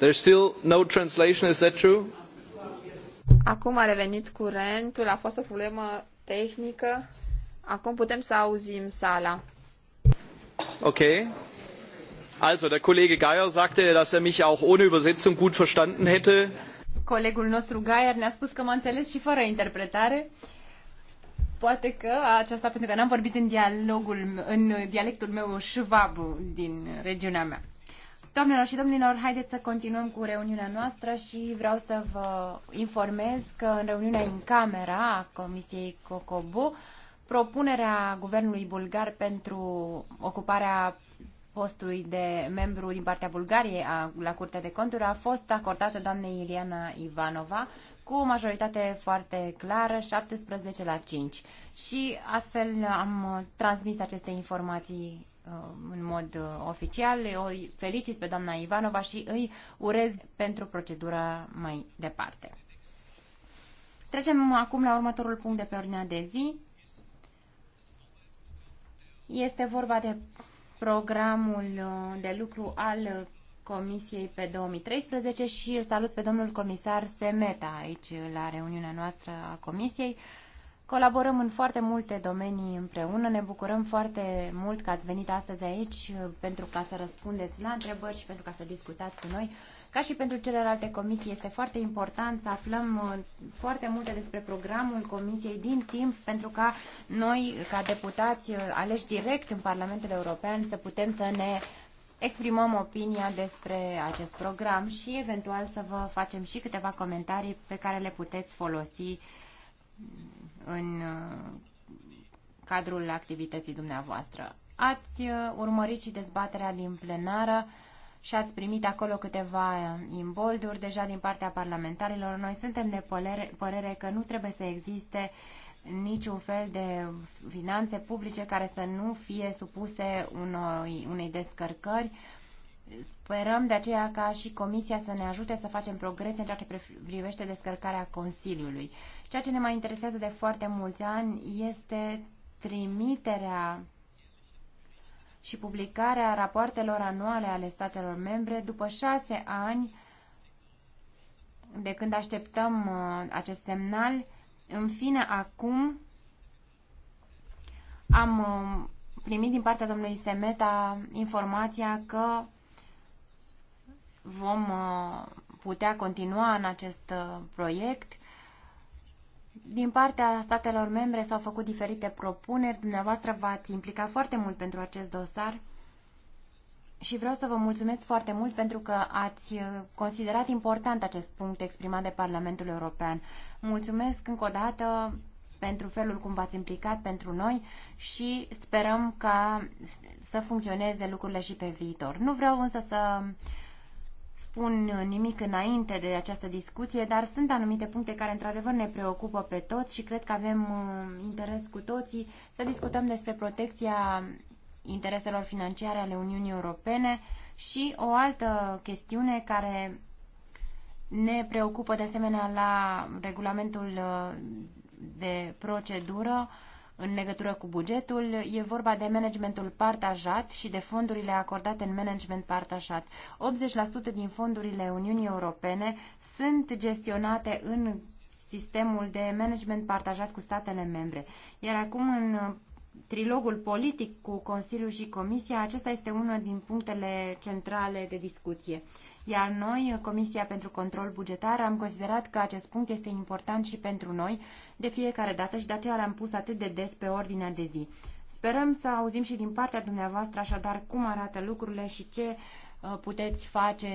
There's still no translation, is that true? Acum a revenit curentul, a fost o problemă tehnică. Acum putem să auzim sala. Ok. Also, der Kollege Geier sagte, dass er mich auch ohne Übersetzung gut verstanden hätte. Kollegul nostru Geier ne-a spus că m-a înțeles și fără interpretare. Poate că aceasta pentru că n-am vorbit în dialogul în dialectul meu șvab din regiunea mea. Doamnelor și domnilor, haideți să continuăm cu reuniunea noastră și vreau să vă informez că în reuniunea în camera a Comisiei COCOBU, propunerea guvernului bulgar pentru ocuparea postului de membru din partea Bulgariei a, la Curtea de Conturi a fost acordată doamnei Iliana Ivanova cu o majoritate foarte clară, 17 la 5. Și astfel am transmis aceste informații Uh, în mod uh, oficial. O felicit pe doamna Ivanova și îi urez pentru procedura mai departe. Trecem acum la următorul punct de pe ordinea de zi. Este vorba de programul uh, de lucru al Comisiei pe 2013 și îl salut pe domnul comisar Semeta aici la reuniunea noastră a Comisiei. Colaborăm în foarte multe domenii împreună. Ne bucurăm foarte mult că ați venit astăzi aici uh, pentru ca să răspundeți la întrebări și pentru ca să discutați cu noi. Ca și pentru celelalte comisii, este foarte important să aflăm uh, foarte multe despre programul comisiei din timp pentru ca noi, ca deputați uh, aleși direct în Parlamentul European, să putem să ne exprimăm opinia despre acest program și eventual să vă facem și câteva comentarii pe care le puteți folosi în uh, cadrul activității dumneavoastră. Ați uh, urmărit și dezbaterea din plenară și ați primit acolo câteva uh, imbolduri deja din partea parlamentarilor. Noi suntem de părere, părere că nu trebuie să existe niciun fel de finanțe publice care să nu fie supuse unei, unei descărcări. Sperăm de aceea ca și Comisia să ne ajute să facem progrese în ceea ce privește descărcarea Consiliului. Ceea ce ne mai interesează de foarte mulți ani este trimiterea și publicarea rapoartelor anuale ale statelor membre după șase ani de când așteptăm uh, acest semnal. În fine, acum am uh, primit din partea domnului Semeta informația că vom uh, putea continua în acest proiect din partea statelor membre s-au făcut diferite propuneri, dumneavoastră v-ați implicat foarte mult pentru acest dosar și vreau să vă mulțumesc foarte mult pentru că ați considerat important acest punct exprimat de Parlamentul European. Mulțumesc încă o dată pentru felul cum v-ați implicat pentru noi și sperăm ca să funcționeze lucrurile și pe viitor. Nu vreau însă să spun nimic înainte de această discuție, dar sunt anumite puncte care într-adevăr ne preocupă pe toți și cred că avem uh, interes cu toții să discutăm despre protecția intereselor financiare ale Uniunii Europene și o altă chestiune care ne preocupă de asemenea la regulamentul uh, de procedură în legătură cu bugetul. E vorba de managementul partajat și de fondurile acordate în management partajat. 80% din fondurile Uniunii Europene sunt gestionate în sistemul de management partajat cu statele membre. Iar acum în uh, trilogul politic cu Consiliul și Comisia, acesta este unul din punctele centrale de discuție. Iar noi, Comisia pentru Control Bugetar, am considerat că acest punct este important și pentru noi de fiecare dată și de aceea l-am pus atât de des pe ordinea de zi. Sperăm să auzim și din partea dumneavoastră așadar cum arată lucrurile și ce uh, puteți face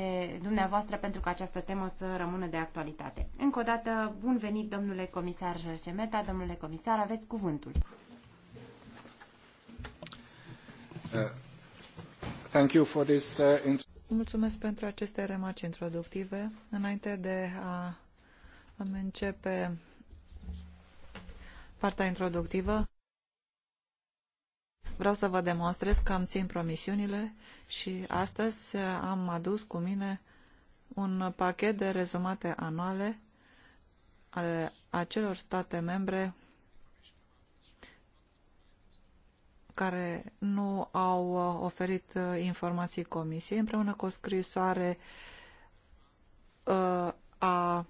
dumneavoastră pentru ca această temă să rămână de actualitate. Încă o dată, bun venit, domnule comisar Șemeta, domnule comisar, aveți cuvântul. Uh, thank you for this, uh, Mulțumesc pentru aceste remarci introductive. Înainte de a îmi începe partea introductivă, vreau să vă demonstrez că am țin promisiunile și astăzi am adus cu mine un pachet de rezumate anuale ale acelor state membre care nu au uh, oferit uh, informații comisiei, împreună cu o scrisoare uh, a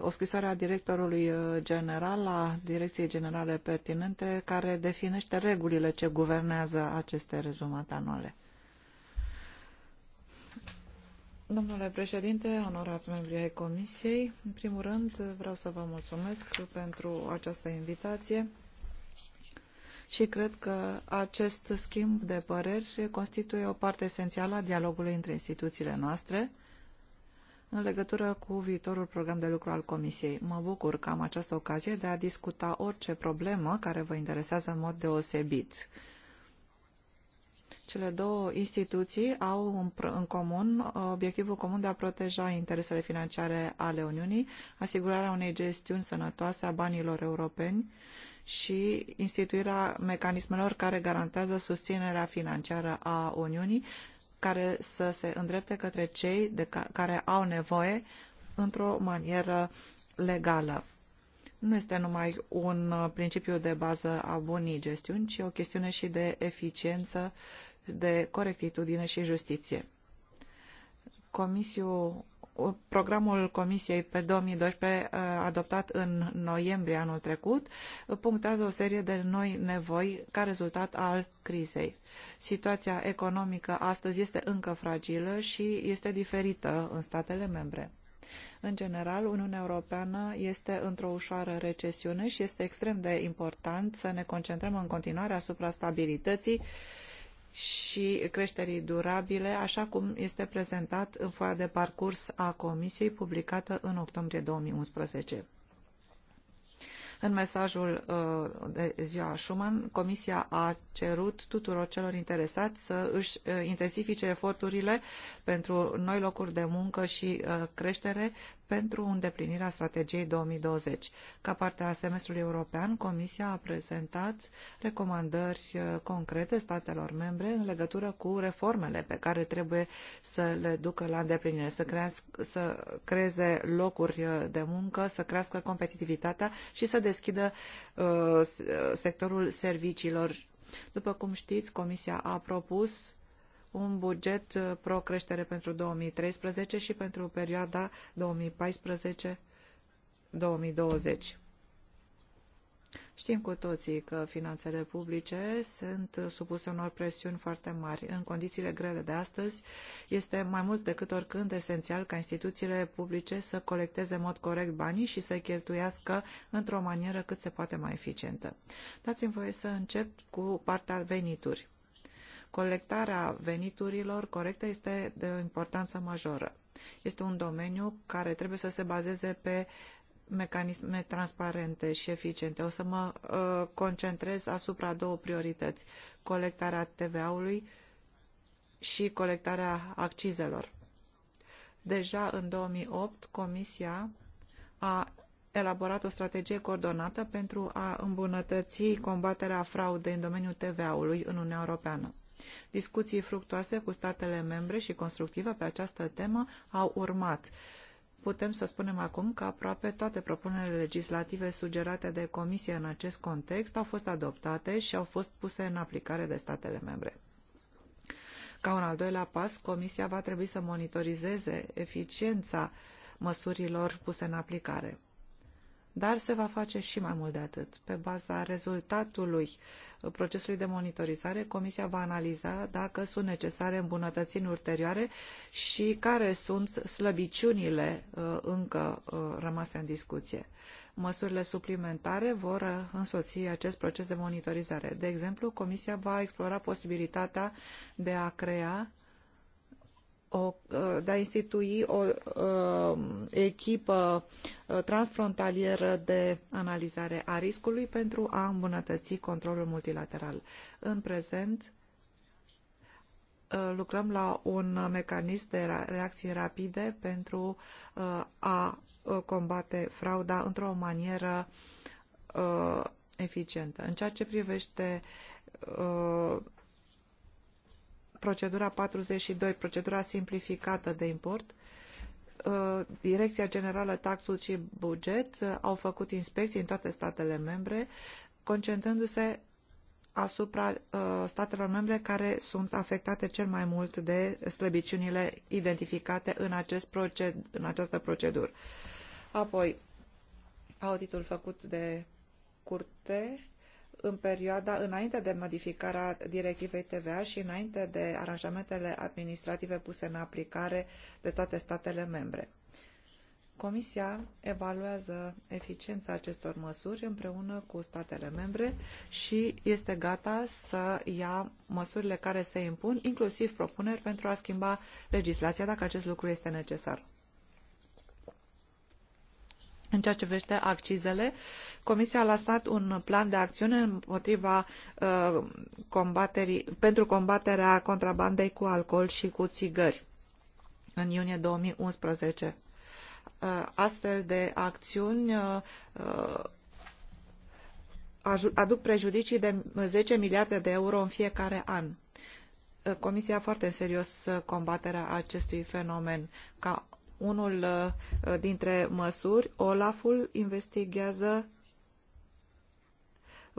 o scrisoare a directorului general, a Direcției Generale Pertinente, care definește regulile ce guvernează aceste rezumate anuale. Domnule președinte, onorați membri ai Comisiei, în primul rând vreau să vă mulțumesc pentru această invitație și cred că acest schimb de păreri constituie o parte esențială a dialogului între instituțiile noastre în legătură cu viitorul program de lucru al Comisiei. Mă bucur că am această ocazie de a discuta orice problemă care vă interesează în mod deosebit cele două instituții au în comun uh, obiectivul comun de a proteja interesele financiare ale Uniunii, asigurarea unei gestiuni sănătoase a banilor europeni și instituirea mecanismelor care garantează susținerea financiară a Uniunii, care să se îndrepte către cei de ca care au nevoie într-o manieră legală. Nu este numai un uh, principiu de bază a bunii gestiuni, ci o chestiune și de eficiență de corectitudine și justiție. Comisiu, programul Comisiei pe 2012, uh, adoptat în noiembrie anul trecut, punctează o serie de noi nevoi ca rezultat al crizei. Situația economică astăzi este încă fragilă și este diferită în statele membre. În general, Uniunea Europeană este într-o ușoară recesiune și este extrem de important să ne concentrăm în continuare asupra stabilității uh, și creșterii durabile, așa cum este prezentat în foaia de parcurs a Comisiei publicată în octombrie 2011. În mesajul uh, de ziua Schuman, Comisia a cerut tuturor celor interesați să își uh, intensifice eforturile pentru noi locuri de muncă și uh, creștere pentru îndeplinirea strategiei 2020. Ca parte a semestrului european, Comisia a prezentat recomandări concrete statelor membre în legătură cu reformele pe care trebuie să le ducă la îndeplinire, să, crească, să creeze locuri de muncă, să crească competitivitatea și să deschidă uh, uh, sectorul serviciilor. După cum știți, Comisia a propus un buget uh, pro-creștere pentru 2013 și pentru perioada 2014-2020. Știm cu toții că finanțele publice sunt supuse unor presiuni foarte mari. În condițiile grele de astăzi, este mai mult decât oricând esențial ca instituțiile publice să colecteze în mod corect banii și să cheltuiască într-o manieră cât se poate mai eficientă. Dați-mi voie să încep cu partea venituri. Colectarea veniturilor corecte este de importanță majoră. Este un domeniu care trebuie să se bazeze pe mecanisme transparente și eficiente. O să mă uh, concentrez asupra două priorități, colectarea TVA-ului și colectarea accizelor. Deja în 2008, Comisia a elaborat o strategie coordonată pentru a îmbunătăți combaterea fraudei în domeniul TVA-ului în Uniunea Europeană. Discuții fructoase cu statele membre și constructive pe această temă au urmat. Uh, putem să spunem acum că aproape toate propunerile legislative sugerate de Comisie în acest context au fost adoptate și au fost puse în aplicare de statele membre. Ca un al doilea pas, Comisia va trebui să monitorizeze eficiența măsurilor puse în aplicare dar se va face și mai mult de atât. Pe baza rezultatului procesului de monitorizare, Comisia va analiza dacă sunt necesare îmbunătățiri ulterioare și care sunt slăbiciunile uh, încă uh, rămase în discuție. Măsurile suplimentare vor uh, însoți acest proces de monitorizare. De exemplu, Comisia va explora posibilitatea de a crea o, uh, de a institui o uh, echipă uh, transfrontalieră de analizare a riscului pentru a îmbunătăți controlul multilateral. În prezent, uh, lucrăm la un mecanism de reacții rapide pentru a combate frauda într-o manieră eficientă. În ceea ce privește procedura 42, procedura simplificată de import, uh, Direcția Generală Taxul și Buget uh, au făcut inspecții în toate statele membre, concentrându-se asupra uh, statelor membre care sunt afectate cel mai mult de slăbiciunile identificate în, acest proced în această procedură. Apoi, auditul făcut de curte în perioada înainte de modificarea directivei TVA și înainte de aranjamentele administrative puse în aplicare de toate statele membre. Comisia evaluează eficiența acestor măsuri împreună cu statele membre și este gata să ia măsurile care se impun, inclusiv propuneri pentru a schimba legislația dacă acest lucru este necesar. În ceea ce vește accizele, Comisia a lansat un plan de acțiune împotriva uh, combaterii, pentru combaterea contrabandei cu alcool și cu țigări în iunie 2011. Uh, astfel de acțiuni uh, uh aduc prejudicii de 10 miliarde de euro în fiecare an. Uh, Comisia foarte în serios uh, combaterea acestui fenomen. Ca unul uh, dintre măsuri, Olaful investigează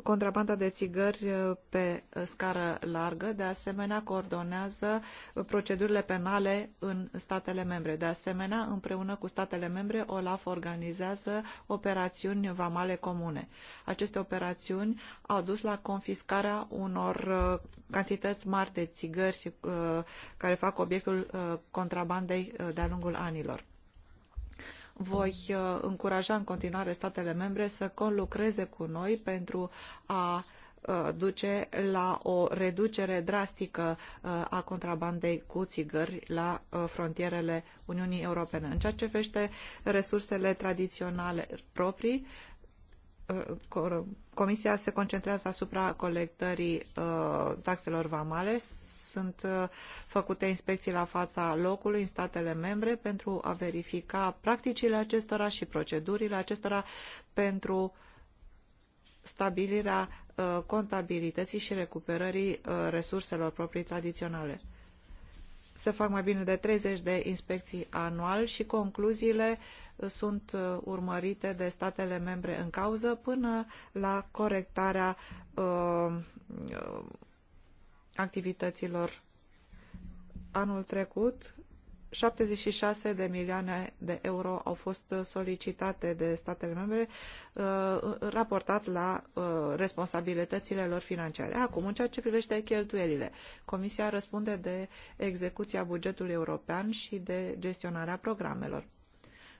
contrabanda de țigări uh, pe uh, scară largă, de asemenea coordonează uh, procedurile penale în statele membre. De asemenea, împreună cu statele membre, OLAF organizează operațiuni vamale comune. Aceste operațiuni au dus la confiscarea unor cantități mari de țigări care fac obiectul contrabandei de-a lungul anilor. Voi uh, încuraja în continuare statele membre să conlucreze cu noi pentru a uh, duce la o reducere drastică uh, a contrabandei cu țigări la frontierele Uniunii Europene. În ceea ce vește resursele tradiționale proprii, Comisia se concentrează asupra colectării taxelor vamale, sunt uh, făcute inspecții la fața locului în statele membre pentru a verifica practicile acestora și procedurile acestora pentru stabilirea uh, contabilității și recuperării uh, resurselor proprii tradiționale se fac mai bine de 30 de inspecții anual și concluziile sunt urmărite de statele membre în cauză până la corectarea uh, activităților. Anul trecut, 76 de milioane de euro au fost solicitate de statele membre uh, raportat la uh, responsabilitățile lor financiare. Acum, în ceea ce privește cheltuielile, Comisia răspunde de execuția bugetului european și de gestionarea programelor.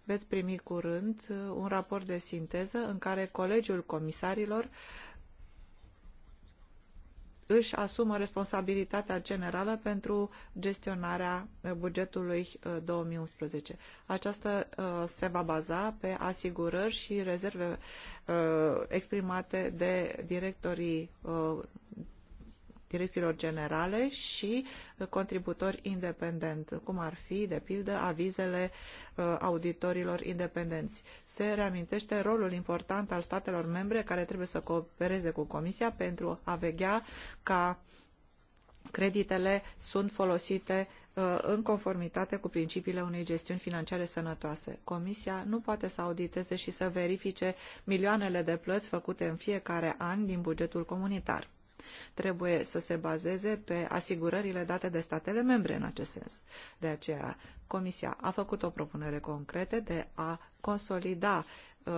Veți primi curând uh, un raport de sinteză în care Colegiul Comisarilor uh, își asumă responsabilitatea generală pentru gestionarea uh, bugetului 2011. Uh, Aceasta uh, se va baza pe asigurări și rezerve exprimate de directorii direcțiilor generale și uh, contributori independent, cum ar fi, de pildă, avizele uh, auditorilor independenți. Se reamintește rolul important al statelor membre care trebuie să coopereze cu Comisia pentru a veghea ca creditele sunt folosite uh, în conformitate cu principiile unei gestiuni financiare sănătoase. Comisia nu poate să auditeze și să verifice milioanele de plăți făcute în fiecare an din bugetul comunitar trebuie să se bazeze pe asigurările date de statele membre în acest sens. De aceea, Comisia a făcut o propunere concretă de a consolida uh,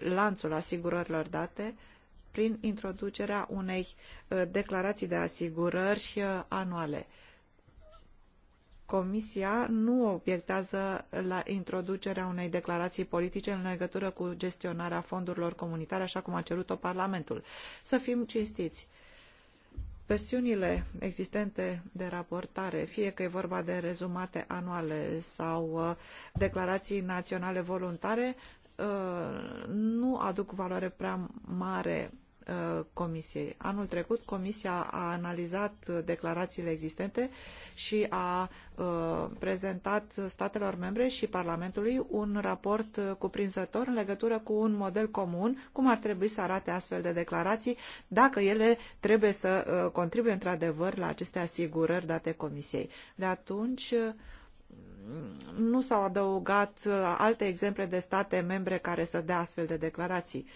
lanțul asigurărilor date prin introducerea unei uh, declarații de asigurări uh, anuale. Comisia nu obiectează la introducerea unei declarații politice în legătură cu gestionarea fondurilor comunitare, așa cum a cerut-o Parlamentul. Să fim cinstiți presiunile existente de raportare, fie că e vorba de rezumate anuale sau uh, declarații naționale voluntare, uh, nu aduc valoare prea mare Uh, comisiei. Anul trecut, Comisia a analizat declarațiile existente și a uh, prezentat statelor membre și Parlamentului un raport uh, cuprinzător în legătură cu un model comun, cum ar trebui să arate astfel de declarații, dacă ele trebuie să contribuie într-adevăr la aceste asigurări date Comisiei. De atunci, nu s-au adăugat alte exemple de state membre care să dea astfel de declarații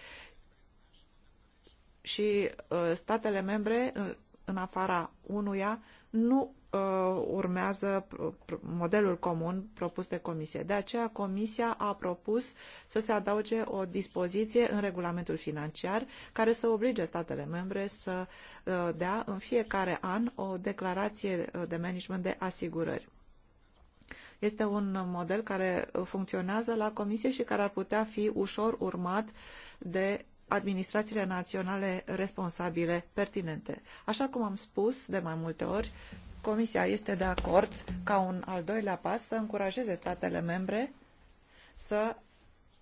și uh, statele membre, în afara unuia, nu uh, urmează modelul comun propus de comisie. De aceea comisia a propus să se adauge o dispoziție în regulamentul financiar care să oblige statele membre să uh, dea în fiecare an o declarație de management de asigurări. Este un model care funcționează la comisie și care ar putea fi ușor urmat de administrațiile naționale responsabile pertinente. Așa cum am spus de mai multe ori, Comisia este de acord ca un al doilea pas să încurajeze statele membre să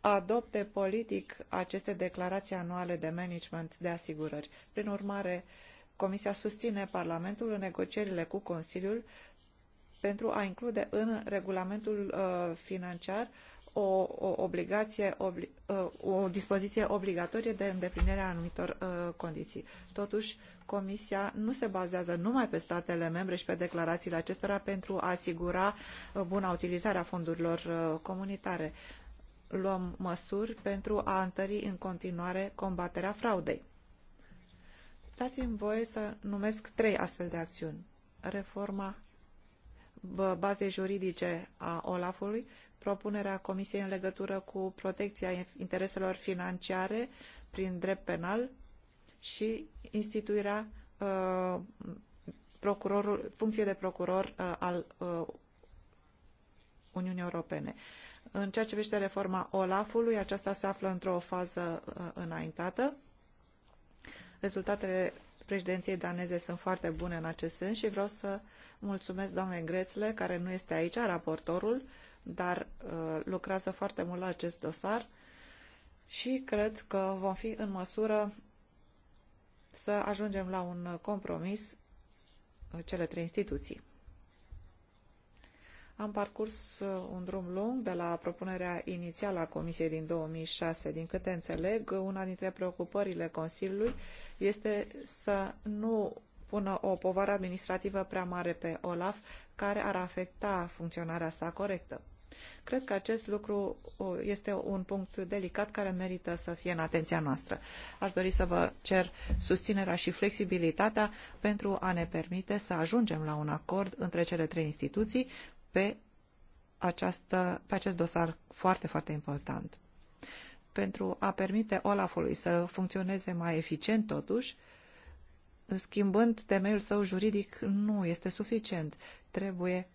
adopte politic aceste declarații anuale de management de asigurări. Prin urmare, Comisia susține Parlamentul în negocierile cu Consiliul pentru a include în regulamentul uh, financiar o, o obligație, obli, uh, o dispoziție obligatorie de îndeplinire a anumitor uh, condiții. Totuși, Comisia nu se bazează numai pe statele membre și pe declarațiile acestora pentru a asigura buna utilizare a fondurilor comunitare. Luăm măsuri pentru a întări în continuare combaterea fraudei. Dați-mi voie să numesc trei astfel de acțiuni. Reforma bazei juridice a Olafului, propunerea Comisiei în legătură cu protecția intereselor financiare prin drept penal și instituirea funciei ă, funcției de procuror ă, al ă, Uniunii Europene. În ceea ce privește reforma Olafului, aceasta se află într-o fază înaintată. Rezultatele preediniei daneze sunt foarte bune în acest sens și vreau să mulțumesc doamnei Grețle, care nu este aici, raportorul, dar uh, lucrează foarte mult la acest dosar și cred că vom fi în măsură să ajungem la un compromis uh, cele trei instituții. Am parcurs uh, un drum lung de la propunerea inițială a Comisiei din 2006. Din câte înțeleg, una dintre preocupările Consiliului este să nu pună o povară administrativă prea mare pe OLAF, care ar afecta funcționarea sa corectă. Cred că acest lucru uh, este un punct delicat care merită să fie în atenția noastră. Aș dori să vă cer susținerea și flexibilitatea pentru a ne permite să ajungem la un acord între cele trei instituții pe, această, pe acest dosar foarte, foarte important. Pentru a permite Olafului să funcționeze mai eficient, totuși, schimbând temeiul său juridic, nu este suficient. Trebuie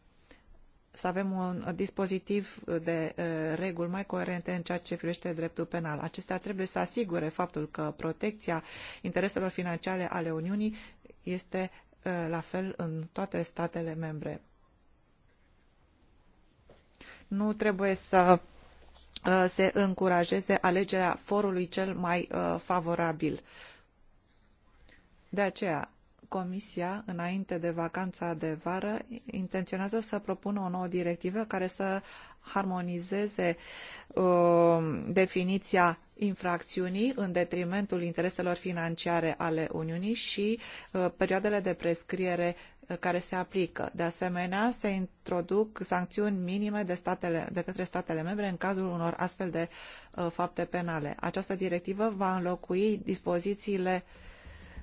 să avem un dispozitiv de uh, reguli mai coerente în ceea ce privește dreptul penal. Acestea trebuie să asigure faptul că protecția intereselor financiare ale Uniunii este uh, la fel în toate statele membre nu trebuie să uh, se încurajeze alegerea forului cel mai uh, favorabil. De aceea, Comisia, înainte de vacanța de vară, intenționează să propună o nouă directivă care să harmonizeze uh, definiția infracțiunii în detrimentul intereselor financiare ale Uniunii și uh, perioadele de prescriere care se aplică. De asemenea, se introduc sancțiuni minime de, statele, de către statele membre în cazul unor astfel de uh, fapte penale. Această directivă va înlocui dispozițiile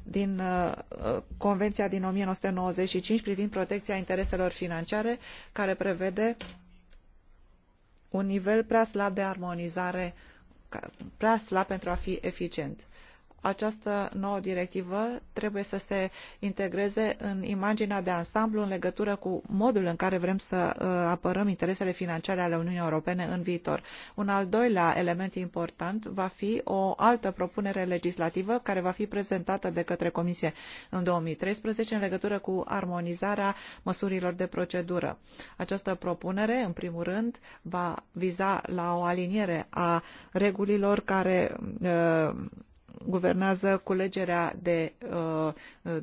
din uh, uh Convenția din 1995 privind protecția intereselor financiare, care prevede un nivel prea slab de armonizare, prea slab pentru a fi eficient această nouă directivă trebuie să se integreze în imaginea de ansamblu în legătură cu modul în care vrem să uh, apărăm interesele financiare ale Uniunii Europene în viitor. Un al doilea element important va fi o altă propunere legislativă care va fi prezentată de către Comisie în 2013 în legătură cu armonizarea măsurilor de procedură. Această propunere, în primul rând, va viza la o aliniere a regulilor care uh, guvernează culegerea de uh,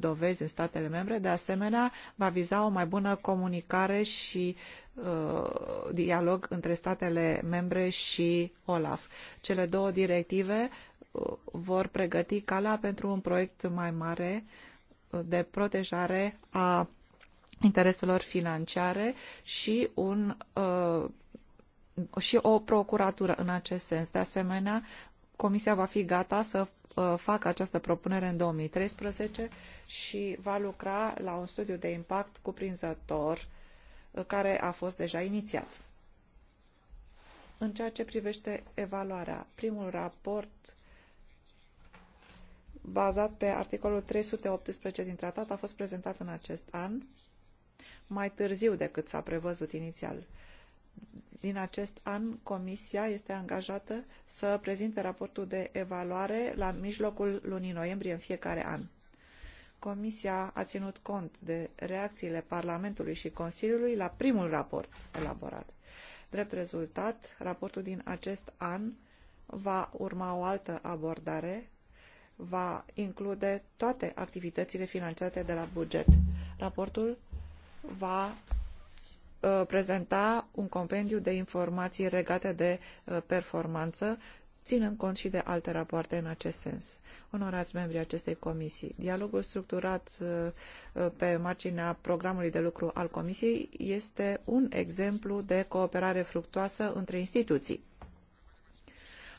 dovezi în statele membre, de asemenea va viza o mai bună comunicare și uh, dialog între statele membre și OLAF. Cele două directive uh, vor pregăti calea pentru un proiect mai mare uh, de protejare a intereselor financiare și un uh, și o procuratură în acest sens. De asemenea, Comisia va fi gata să Uh, fac această propunere în 2013 și va lucra la un studiu de impact cuprinzător uh, care a fost deja inițiat. În ceea ce privește evaluarea, primul raport bazat pe articolul 318 din tratat a fost prezentat în acest an, mai târziu decât s-a prevăzut inițial din acest an, Comisia este angajată să prezinte raportul de evaluare la mijlocul lunii noiembrie în fiecare an. Comisia a ținut cont de reacțiile Parlamentului și Consiliului la primul raport elaborat. Drept rezultat, raportul din acest an va urma o altă abordare, va include toate activitățile finanțate de la buget. Raportul va Uh, prezenta un compendiu de informații regate de uh, performanță, ținând cont și de alte rapoarte în acest sens. Onorați membrii acestei comisii, dialogul structurat uh, pe marginea programului de lucru al comisiei este un exemplu de cooperare fructoasă între instituții.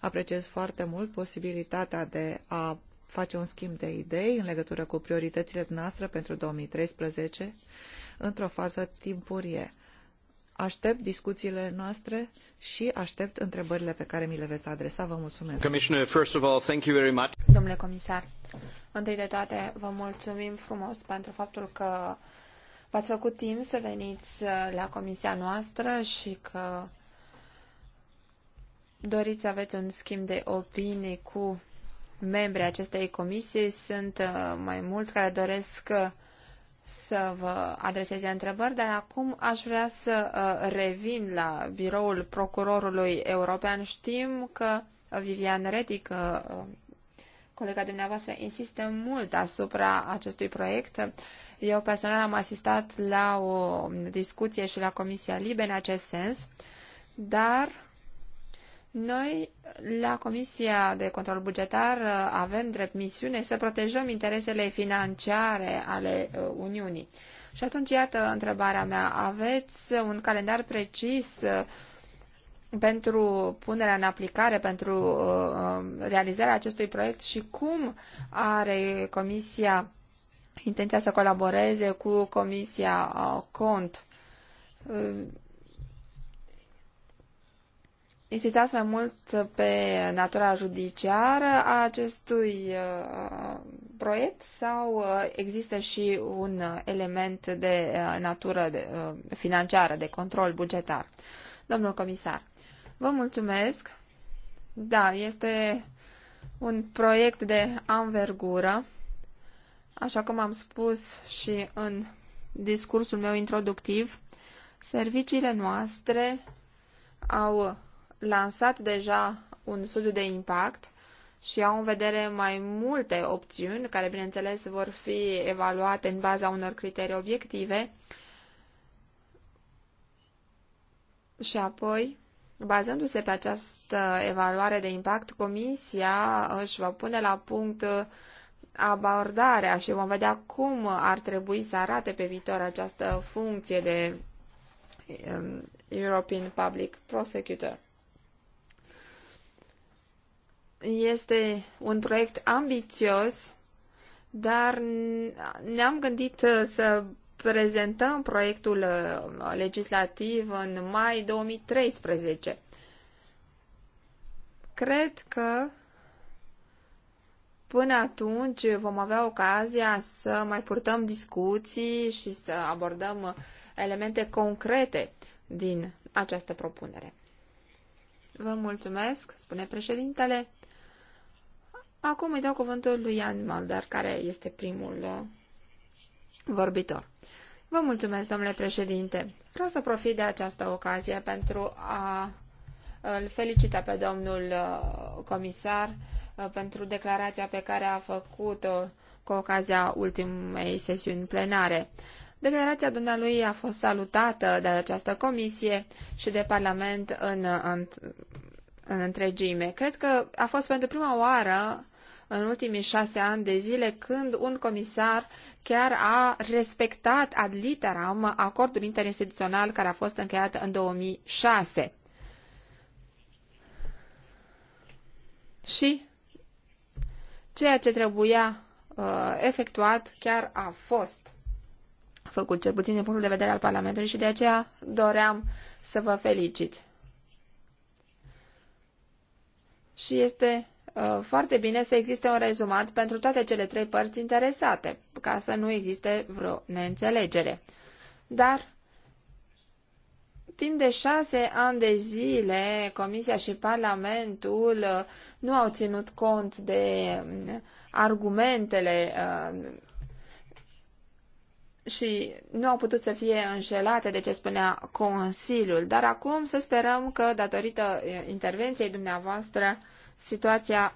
Apreciez foarte mult posibilitatea de a face un schimb de idei în legătură cu prioritățile noastre pentru 2013 într-o fază timpurie. Aștept discuțiile noastre și aștept întrebările pe care mi le veți adresa. Vă mulțumesc. All, Domnule comisar, întâi de toate vă mulțumim frumos pentru faptul că v-ați făcut timp să veniți uh, la comisia noastră și că doriți să aveți un schimb de opinii cu membrii acestei comisii. Sunt uh, mai mulți care doresc uh, să vă adreseze întrebări, dar acum aș vrea să uh, revin la biroul procurorului european. Știm că Vivian Redic, uh, colega dumneavoastră, insistă mult asupra acestui proiect. Eu personal am asistat la o discuție și la Comisia Libe în acest sens, dar noi, la Comisia de Control Bugetar, avem drept misiune să protejăm interesele financiare ale uh, Uniunii. Și atunci, iată întrebarea mea. Aveți un calendar precis uh, pentru punerea în aplicare, pentru uh, realizarea acestui proiect și cum are Comisia intenția să colaboreze cu Comisia Cont? insistați mai mult pe natura judiciară a acestui uh, proiect sau uh, există și un uh, element de natură financiară, de control bugetar? Domnul comisar, vă mulțumesc. Da, este un proiect de anvergură, așa cum am spus și în discursul meu introductiv, serviciile noastre au lansat deja un studiu de impact și au în vedere mai multe opțiuni, care, bineînțeles, vor fi evaluate în baza unor criterii obiective. Și apoi, bazându-se pe această evaluare de impact, Comisia își va pune la punct abordarea și vom vedea cum ar trebui să arate pe viitor această funcție de um, European Public Prosecutor. Este un proiect ambițios, dar ne-am gândit uh, să prezentăm proiectul uh, legislativ în mai 2013. Cred că până atunci vom avea ocazia să mai purtăm discuții și să abordăm uh, elemente concrete din această propunere. Vă mulțumesc, spune președintele. Acum îi dau cuvântul lui Ian Mulder, care este primul uh, vorbitor. Vă mulțumesc, domnule președinte. Vreau să profit de această ocazie pentru a uh, îl felicita pe domnul uh, comisar pentru declarația pe care a făcut-o cu ocazia ultimei sesiuni plenare. Declarația dumnealui a fost salutată de această comisie și de Parlament în, în, în întregime. Cred că a fost pentru prima oară în ultimii șase ani de zile când un comisar chiar a respectat ad literam acordul interinstituțional care a fost încheiat în 2006. Și ceea ce trebuia uh, efectuat chiar a fost făcut, cel puțin din punctul de vedere al Parlamentului și de aceea doream să vă felicit. Și este Uh, foarte bine să existe un rezumat pentru toate cele trei părți interesate, ca să nu existe vreo neînțelegere. Dar timp de șase ani de zile, Comisia și Parlamentul uh, nu au ținut cont de um, argumentele uh, și nu au putut să fie înșelate de ce spunea Consiliul. Dar acum să sperăm că, datorită intervenției dumneavoastră, situația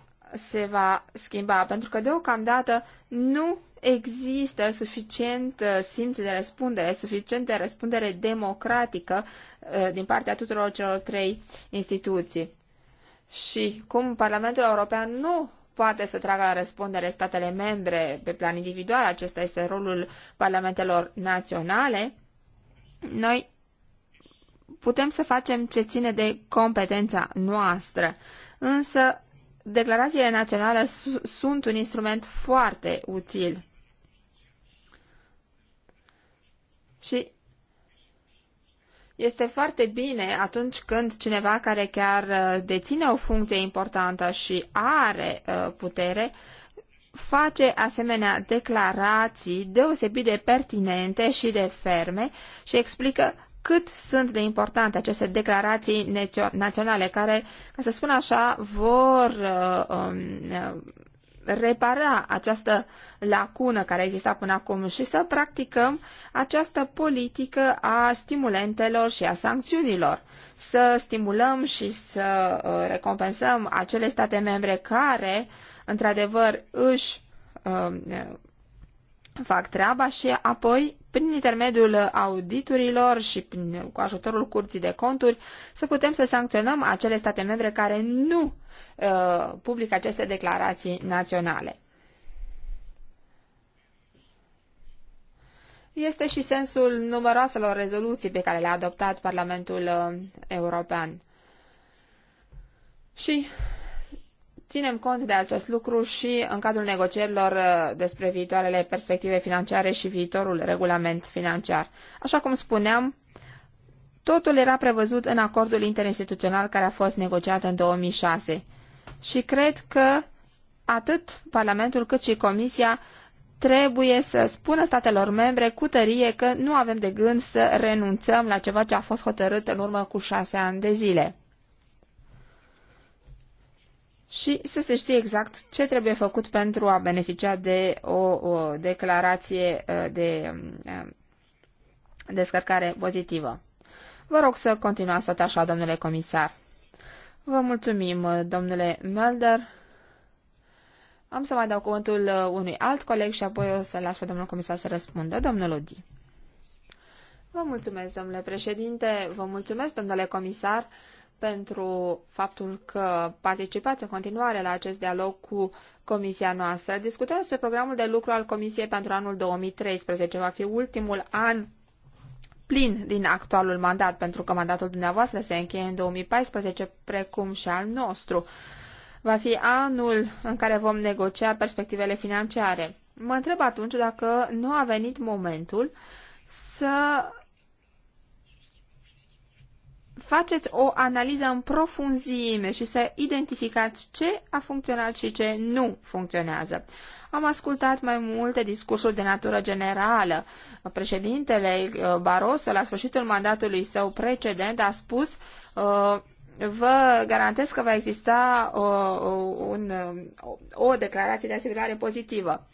se va schimba, pentru că deocamdată nu există suficient uh, simț de răspundere, suficient de răspundere democratică uh, din partea tuturor celor trei instituții. Și cum Parlamentul European nu poate să tragă la răspundere statele membre pe plan individual, acesta este rolul parlamentelor naționale, noi putem să facem ce ține de competența noastră, însă declarațiile naționale sunt un instrument foarte util. Și este foarte bine atunci când cineva care chiar uh, deține o funcție importantă și are uh, putere, face asemenea declarații deosebit de pertinente și de ferme și explică cât sunt de importante aceste declarații naționale care, ca să spun așa, vor uh, um, uh, repara această lacună care exista până acum și să practicăm această politică a stimulentelor și a sancțiunilor. Să stimulăm și să uh, recompensăm acele state membre care, într-adevăr, își fac treaba și apoi prin intermediul auditurilor și prin, cu ajutorul curții de conturi, să putem să sancționăm acele state membre care nu uh, publică aceste declarații naționale. Este și sensul numeroaselor rezoluții pe care le-a adoptat Parlamentul uh, European. Și Ținem cont de acest lucru și în cadrul negocierilor uh, despre viitoarele perspective financiare și viitorul regulament financiar. Așa cum spuneam, totul era prevăzut în acordul interinstituțional care a fost negociat în 2006 și cred că atât Parlamentul cât și Comisia trebuie să spună statelor membre cu tărie că nu avem de gând să renunțăm la ceva ce a fost hotărât în urmă cu șase ani de zile și să se știe exact ce trebuie făcut pentru a beneficia de o, o declarație uh, de um, descărcare pozitivă. Vă rog să continuați tot așa, domnule comisar. Vă mulțumim, uh, domnule Melder. Am să mai dau cuvântul uh, unui alt coleg și apoi o să las pe domnul comisar să răspundă. Domnul Odi. Vă mulțumesc, domnule președinte, vă mulțumesc, domnule comisar, pentru faptul că participați în continuare la acest dialog cu comisia noastră. Discutăm despre programul de lucru al comisiei pentru anul 2013. Va fi ultimul an plin din actualul mandat, pentru că mandatul dumneavoastră se încheie în 2014, precum și al nostru. Va fi anul în care vom negocia perspectivele financiare. Mă întreb atunci dacă nu a venit momentul să faceți o analiză în profunzime și să identificați ce a funcționat și ce nu funcționează. Am ascultat mai multe discursuri de natură generală. Președintele uh, Barroso, la sfârșitul mandatului său precedent, a spus uh, Vă garantez că va exista uh, un, uh, o declarație de asigurare pozitivă.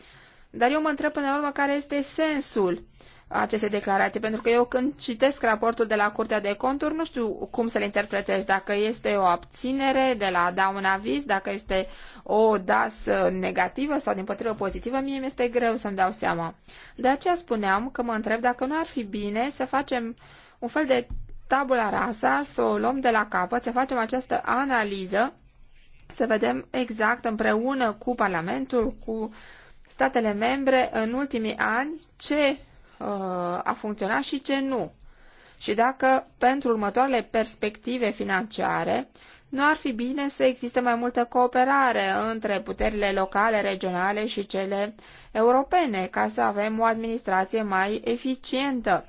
Dar eu mă întreb până la urmă care este sensul uh, aceste declarații, pentru că eu când citesc raportul de la Curtea de Conturi, nu știu cum să-l interpretez, dacă este o abținere de la a da un aviz, dacă este o DAS negativă sau din potrivă pozitivă, mie mi-este greu să-mi dau seama. De aceea spuneam că mă întreb dacă nu ar fi bine să facem un fel de tabula rasa, să o luăm de la capăt, să facem această analiză, să vedem exact împreună cu Parlamentul, cu statele membre în ultimii ani ce Uh, a funcționat și ce nu. Și dacă pentru următoarele perspective financiare nu ar fi bine să existe mai multă cooperare între puterile locale, regionale și cele europene, ca să avem o administrație mai eficientă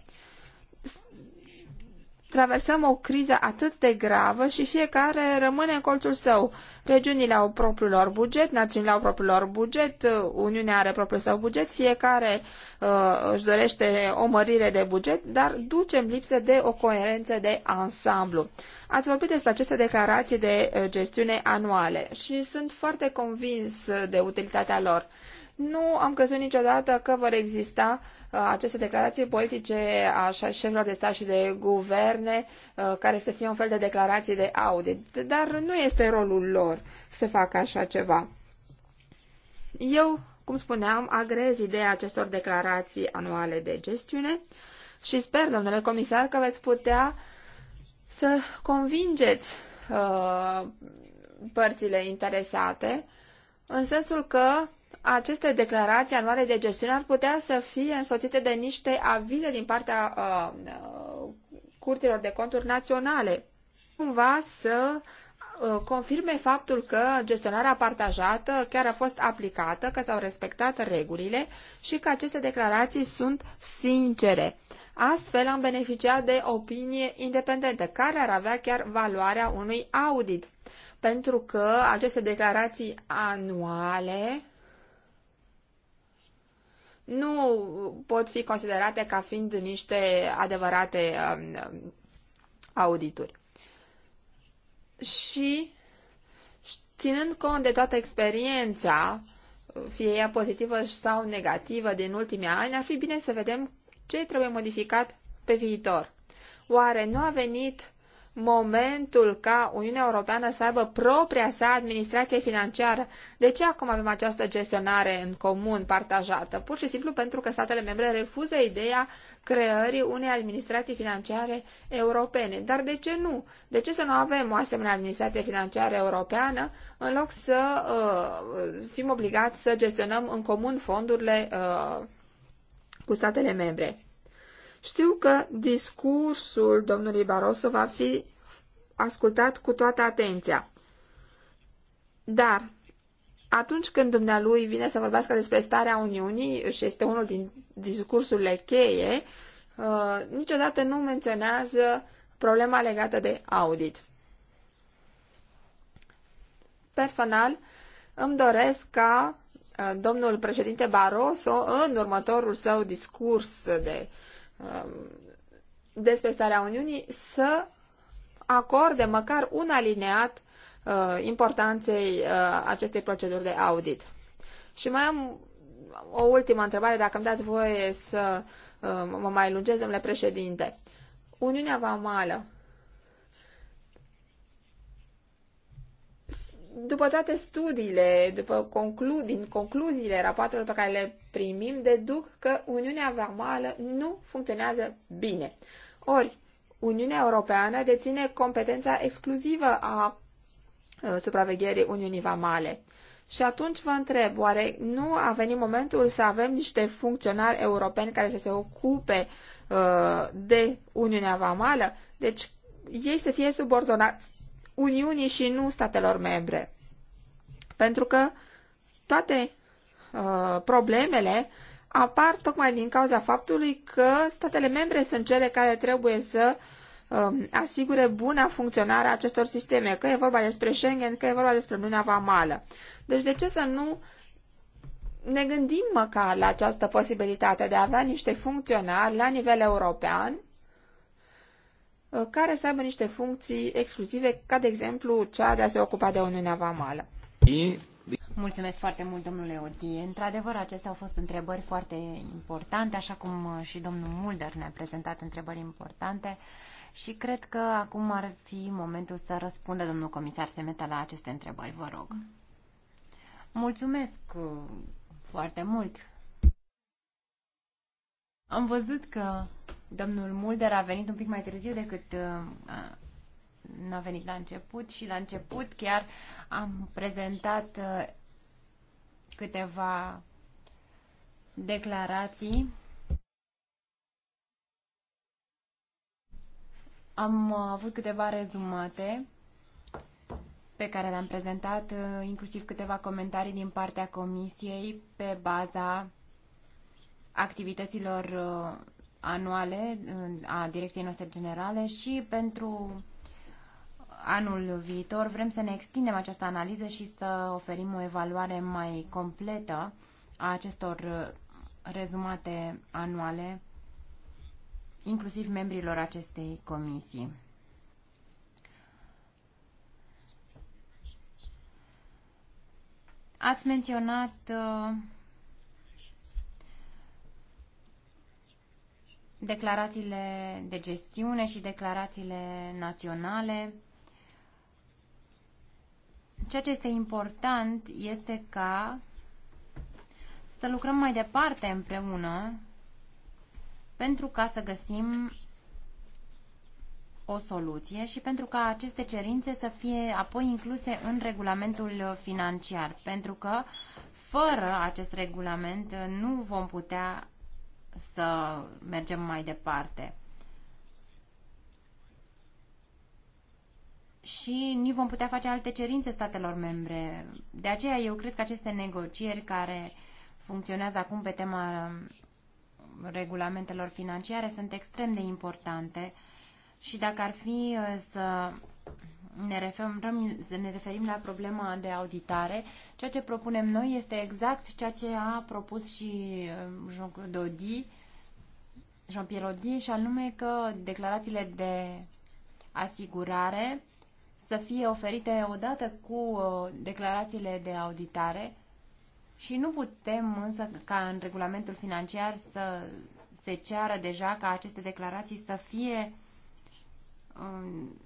traversăm o criză atât de gravă și fiecare rămâne în colțul său. Regiunile au propriul lor buget, națiunile au propriul lor buget, Uniunea are propriul său buget, fiecare uh, își dorește o mărire de buget, dar ducem lipsă de o coerență de ansamblu. Ați vorbit despre aceste declarații de uh, gestiune anuale și sunt foarte convins de utilitatea lor. Nu am crezut niciodată că vor exista uh, aceste declarații politice a șefilor de stat și de guverne, uh, care să fie un fel de declarații de audit, dar nu este rolul lor să facă așa ceva. Eu, cum spuneam, agrez ideea acestor declarații anuale de gestiune și sper, domnule comisar, că veți putea să convingeți uh, părțile interesate în sensul că aceste declarații anuale de gestiune ar putea să fie însoțite de niște avize din partea uh, uh curtilor de conturi naționale. Cumva să uh, confirme faptul că gestionarea partajată chiar a fost aplicată, că s-au respectat regulile și că aceste declarații sunt sincere. Astfel am beneficiat de opinie independentă, care ar avea chiar valoarea unui audit, pentru că aceste declarații anuale nu pot fi considerate ca fiind niște adevărate um, audituri. Și ținând cont de toată experiența, fie ea pozitivă sau negativă din ultimii ani, ar fi bine să vedem ce trebuie modificat pe viitor. Oare nu a venit momentul ca Uniunea Europeană să aibă propria sa administrație financiară. De ce acum avem această gestionare în comun, partajată? Pur și simplu pentru că statele membre refuză ideea creării unei administrații financiare europene. Dar de ce nu? De ce să nu avem o asemenea administrație financiară europeană în loc să uh, fim obligați să gestionăm în comun fondurile uh, cu statele membre? Știu că discursul domnului Barroso va fi ascultat cu toată atenția. Dar atunci când dumnealui vine să vorbească despre starea Uniunii și este unul din discursurile cheie, uh, niciodată nu menționează problema legată de audit. Personal, îmi doresc ca uh, domnul președinte Barroso, în următorul său discurs de uh, Um, despre starea Uniunii să acorde măcar un alineat uh, importanței uh, acestei proceduri de audit. Și mai am o ultimă întrebare, dacă îmi dați voie să uh, mă mai lungez, domnule președinte. Uniunea Vamală după toate studiile, după conclu- din concluziile rapoartelor pe care le primim, deduc că Uniunea Vamală nu funcționează bine. Ori, Uniunea Europeană deține competența exclusivă a uh, supravegherii Uniunii Vamale. Și atunci vă întreb, oare nu a venit momentul să avem niște funcționari europeni care să se ocupe uh, de Uniunea Vamală? Deci ei să fie subordonați Uniunii și nu statelor membre. Pentru că toate uh, problemele apar tocmai din cauza faptului că statele membre sunt cele care trebuie să uh, asigure buna funcționare a acestor sisteme, că e vorba despre Schengen, că e vorba despre Uniunea Vamală. Deci de ce să nu ne gândim măcar la această posibilitate de a avea niște funcționari la nivel european Uh, care să aibă niște funcții exclusive, ca de exemplu cea de a se ocupa de Uniunea Vamală. Mulțumesc foarte mult, domnule Odie. Într-adevăr, acestea au fost întrebări foarte importante, așa cum uh, și domnul Mulder ne-a prezentat întrebări importante. Și cred că acum ar fi momentul să răspundă domnul comisar Semeta la aceste întrebări, vă rog. Mulțumesc uh, foarte mult. Am văzut că Domnul Mulder a venit un pic mai târziu decât uh, n-a venit la început și la început chiar am prezentat uh, câteva declarații. Am uh, avut câteva rezumate pe care le-am prezentat, inclusiv câteva comentarii din partea comisiei pe baza activităților anuale a direcției noastre generale și pentru anul viitor vrem să ne extindem această analiză și să oferim o evaluare mai completă a acestor uh, rezumate anuale, inclusiv membrilor acestei comisii. Ați menționat uh, declarațiile de gestiune și declarațiile naționale. Ceea ce este important este ca să lucrăm mai departe împreună pentru ca să găsim o soluție și pentru ca aceste cerințe să fie apoi incluse în regulamentul financiar, pentru că fără acest regulament nu vom putea să mergem mai departe. și nu vom putea face alte cerințe statelor membre. De aceea eu cred că aceste negocieri care funcționează acum pe tema um, regulamentelor financiare sunt extrem de importante și dacă ar fi uh, să ne referim, ne referim la problema de auditare, ceea ce propunem noi este exact ceea ce a propus și uh, Jean-Pierre Dodi, Jean Dodi, și anume că declarațiile de asigurare să fie oferite odată cu uh, declarațiile de auditare și nu putem însă ca în regulamentul financiar să se ceară deja ca aceste declarații să fie um,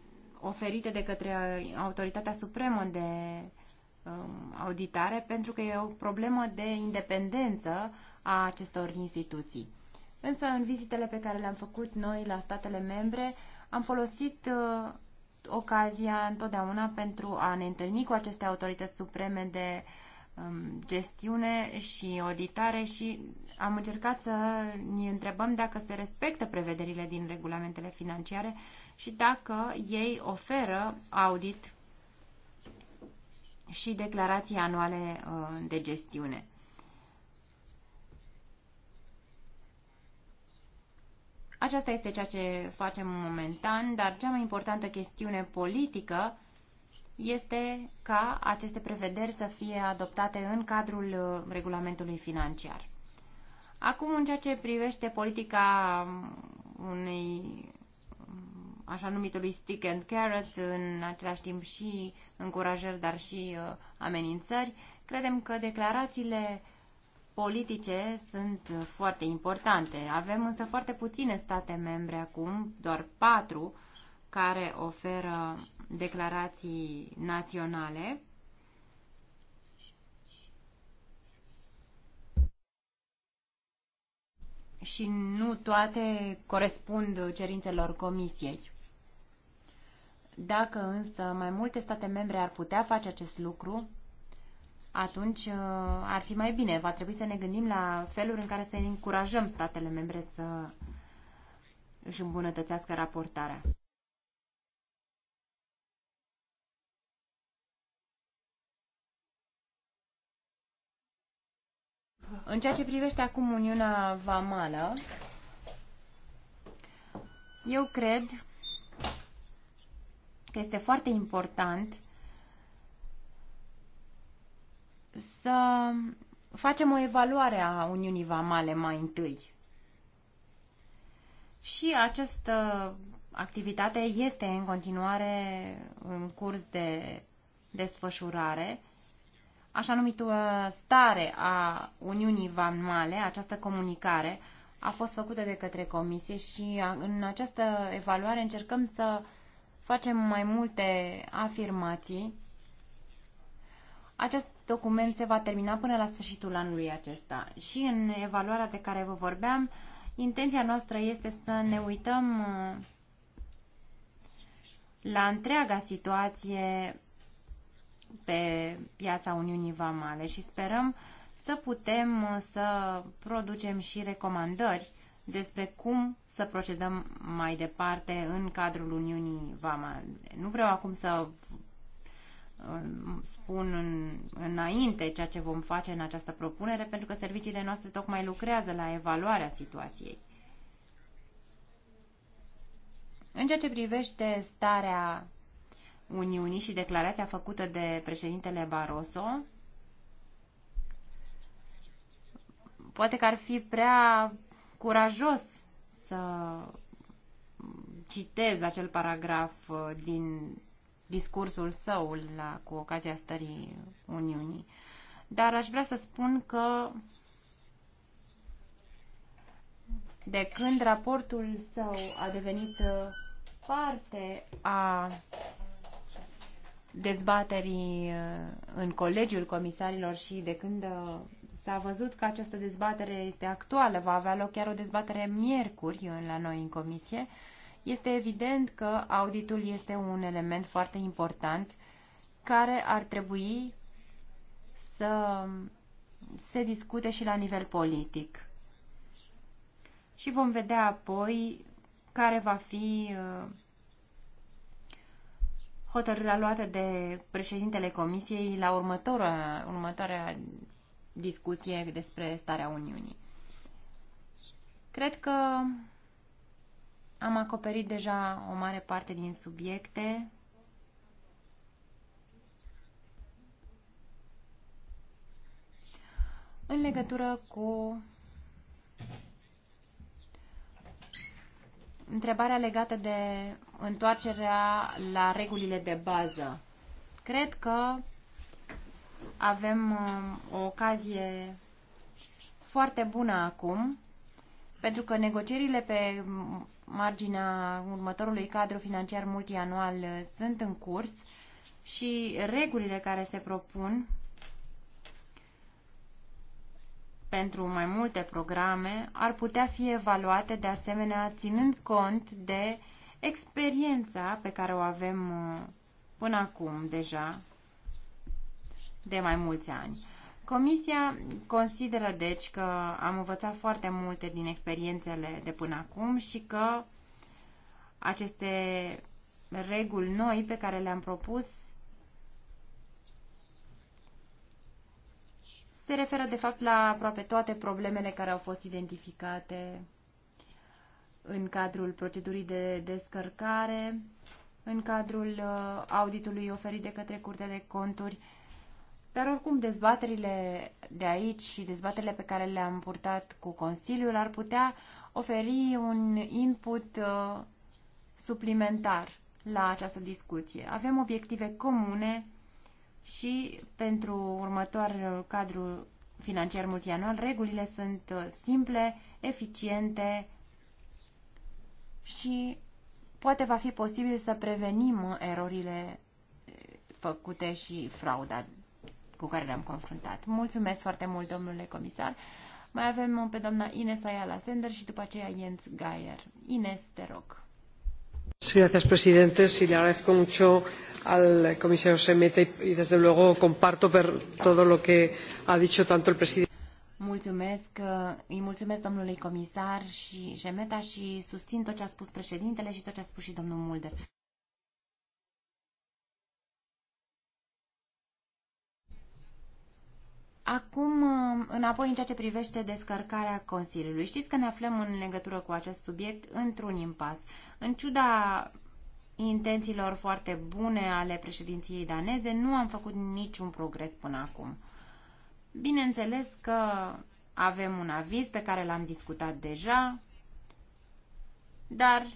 oferite de către Autoritatea Supremă de um, auditare pentru că e o problemă de independență a acestor instituții. Însă în vizitele pe care le-am făcut noi la statele membre am folosit uh, ocazia întotdeauna pentru a ne întâlni cu aceste autorități supreme de Um, gestiune și auditare și am încercat să ne întrebăm dacă se respectă prevederile din regulamentele financiare și dacă ei oferă audit și declarații anuale uh, de gestiune. Aceasta este ceea ce facem momentan, dar cea mai importantă chestiune politică este ca aceste prevederi să fie adoptate în cadrul uh, regulamentului financiar. Acum, în ceea ce privește politica um, unei um, așa numitului stick and carrot, în același timp și încurajări, dar și uh, amenințări, credem că declarațiile politice sunt uh, foarte importante. Avem însă foarte puține state membre acum, doar patru, care oferă declarații naționale. Și nu toate corespund cerințelor comisiei. Dacă însă mai multe state membre ar putea face acest lucru, atunci uh, ar fi mai bine. Va trebui să ne gândim la feluri în care să încurajăm statele membre să își îmbunătățească raportarea. În ceea ce privește acum Uniunea Vamală, eu cred că este foarte important să facem o evaluare a Uniunii Vamale mai întâi. Și această activitate este în continuare în curs de desfășurare așa numită uh, stare a Uniunii Vamale, această comunicare, a fost făcută de către comisie și uh, în această evaluare încercăm să facem mai multe afirmații. Acest document se va termina până la sfârșitul anului acesta și în evaluarea de care vă vorbeam, intenția noastră este să ne uităm uh, la întreaga situație pe piața Uniunii Vamale și sperăm să putem uh, să producem și recomandări despre cum să procedăm mai departe în cadrul Uniunii Vamale. Nu vreau acum să um, spun în, înainte ceea ce vom face în această propunere, pentru că serviciile noastre tocmai lucrează la evaluarea situației. În ceea ce privește starea Uniunii și declarația făcută de președintele Barroso, poate că ar fi prea curajos să citez acel paragraf uh, din discursul său la, cu ocazia stării Uniunii. Dar aș vrea să spun că de când raportul său a devenit uh, parte a dezbaterii uh, în Colegiul Comisarilor și de când uh, s-a văzut că această dezbatere este actuală, va avea loc chiar o dezbatere miercuri uh, la noi în comisie, este evident că auditul este un element foarte important care ar trebui să se discute și la nivel politic. Și vom vedea apoi care va fi hotărârea luată de președintele Comisiei la următoarea, următoarea discuție despre starea Uniunii. Cred că am acoperit deja o mare parte din subiecte. În legătură cu întrebarea legată de întoarcerea la regulile de bază. Cred că avem uh, o ocazie foarte bună acum, pentru că negocierile pe marginea următorului cadru financiar multianual sunt în curs și regulile care se propun pentru mai multe programe ar putea fi evaluate de asemenea ținând cont de experiența pe care o avem uh, până acum deja de mai mulți ani. Comisia consideră deci că am învățat foarte multe din experiențele de până acum și că aceste reguli noi pe care le-am propus se referă de fapt la aproape toate problemele care au fost identificate în cadrul procedurii de descărcare, în cadrul uh, auditului oferit de către Curtea de Conturi. Dar oricum dezbaterile de aici și dezbaterile pe care le-am purtat cu Consiliul ar putea oferi un input uh, suplimentar la această discuție. Avem obiective comune și pentru următorul cadru financiar multianual, regulile sunt uh, simple, eficiente și poate va fi posibil să prevenim uh, erorile uh, făcute și frauda cu care ne am confruntat. Mulțumesc foarte mult, domnule comisar. Mai avem pe doamna Ines Ayala Sender și după aceea Jens Geier. Ines, te rog señor presidente. le agradezco mucho al comisario emeta y, desde luego, comparto todo lo que ha dicho tanto el presidente. Mulțumesc, uh, îi mulțumesc domnului comisar și Șemeta și susțin tot ce a spus președintele și tot ce a spus și domnul Mulder. Acum, înapoi în ceea ce privește descărcarea Consiliului. Știți că ne aflăm în legătură cu acest subiect într-un impas. În ciuda intențiilor foarte bune ale președinției daneze, nu am făcut niciun progres până acum. Bineînțeles că avem un aviz pe care l-am discutat deja, dar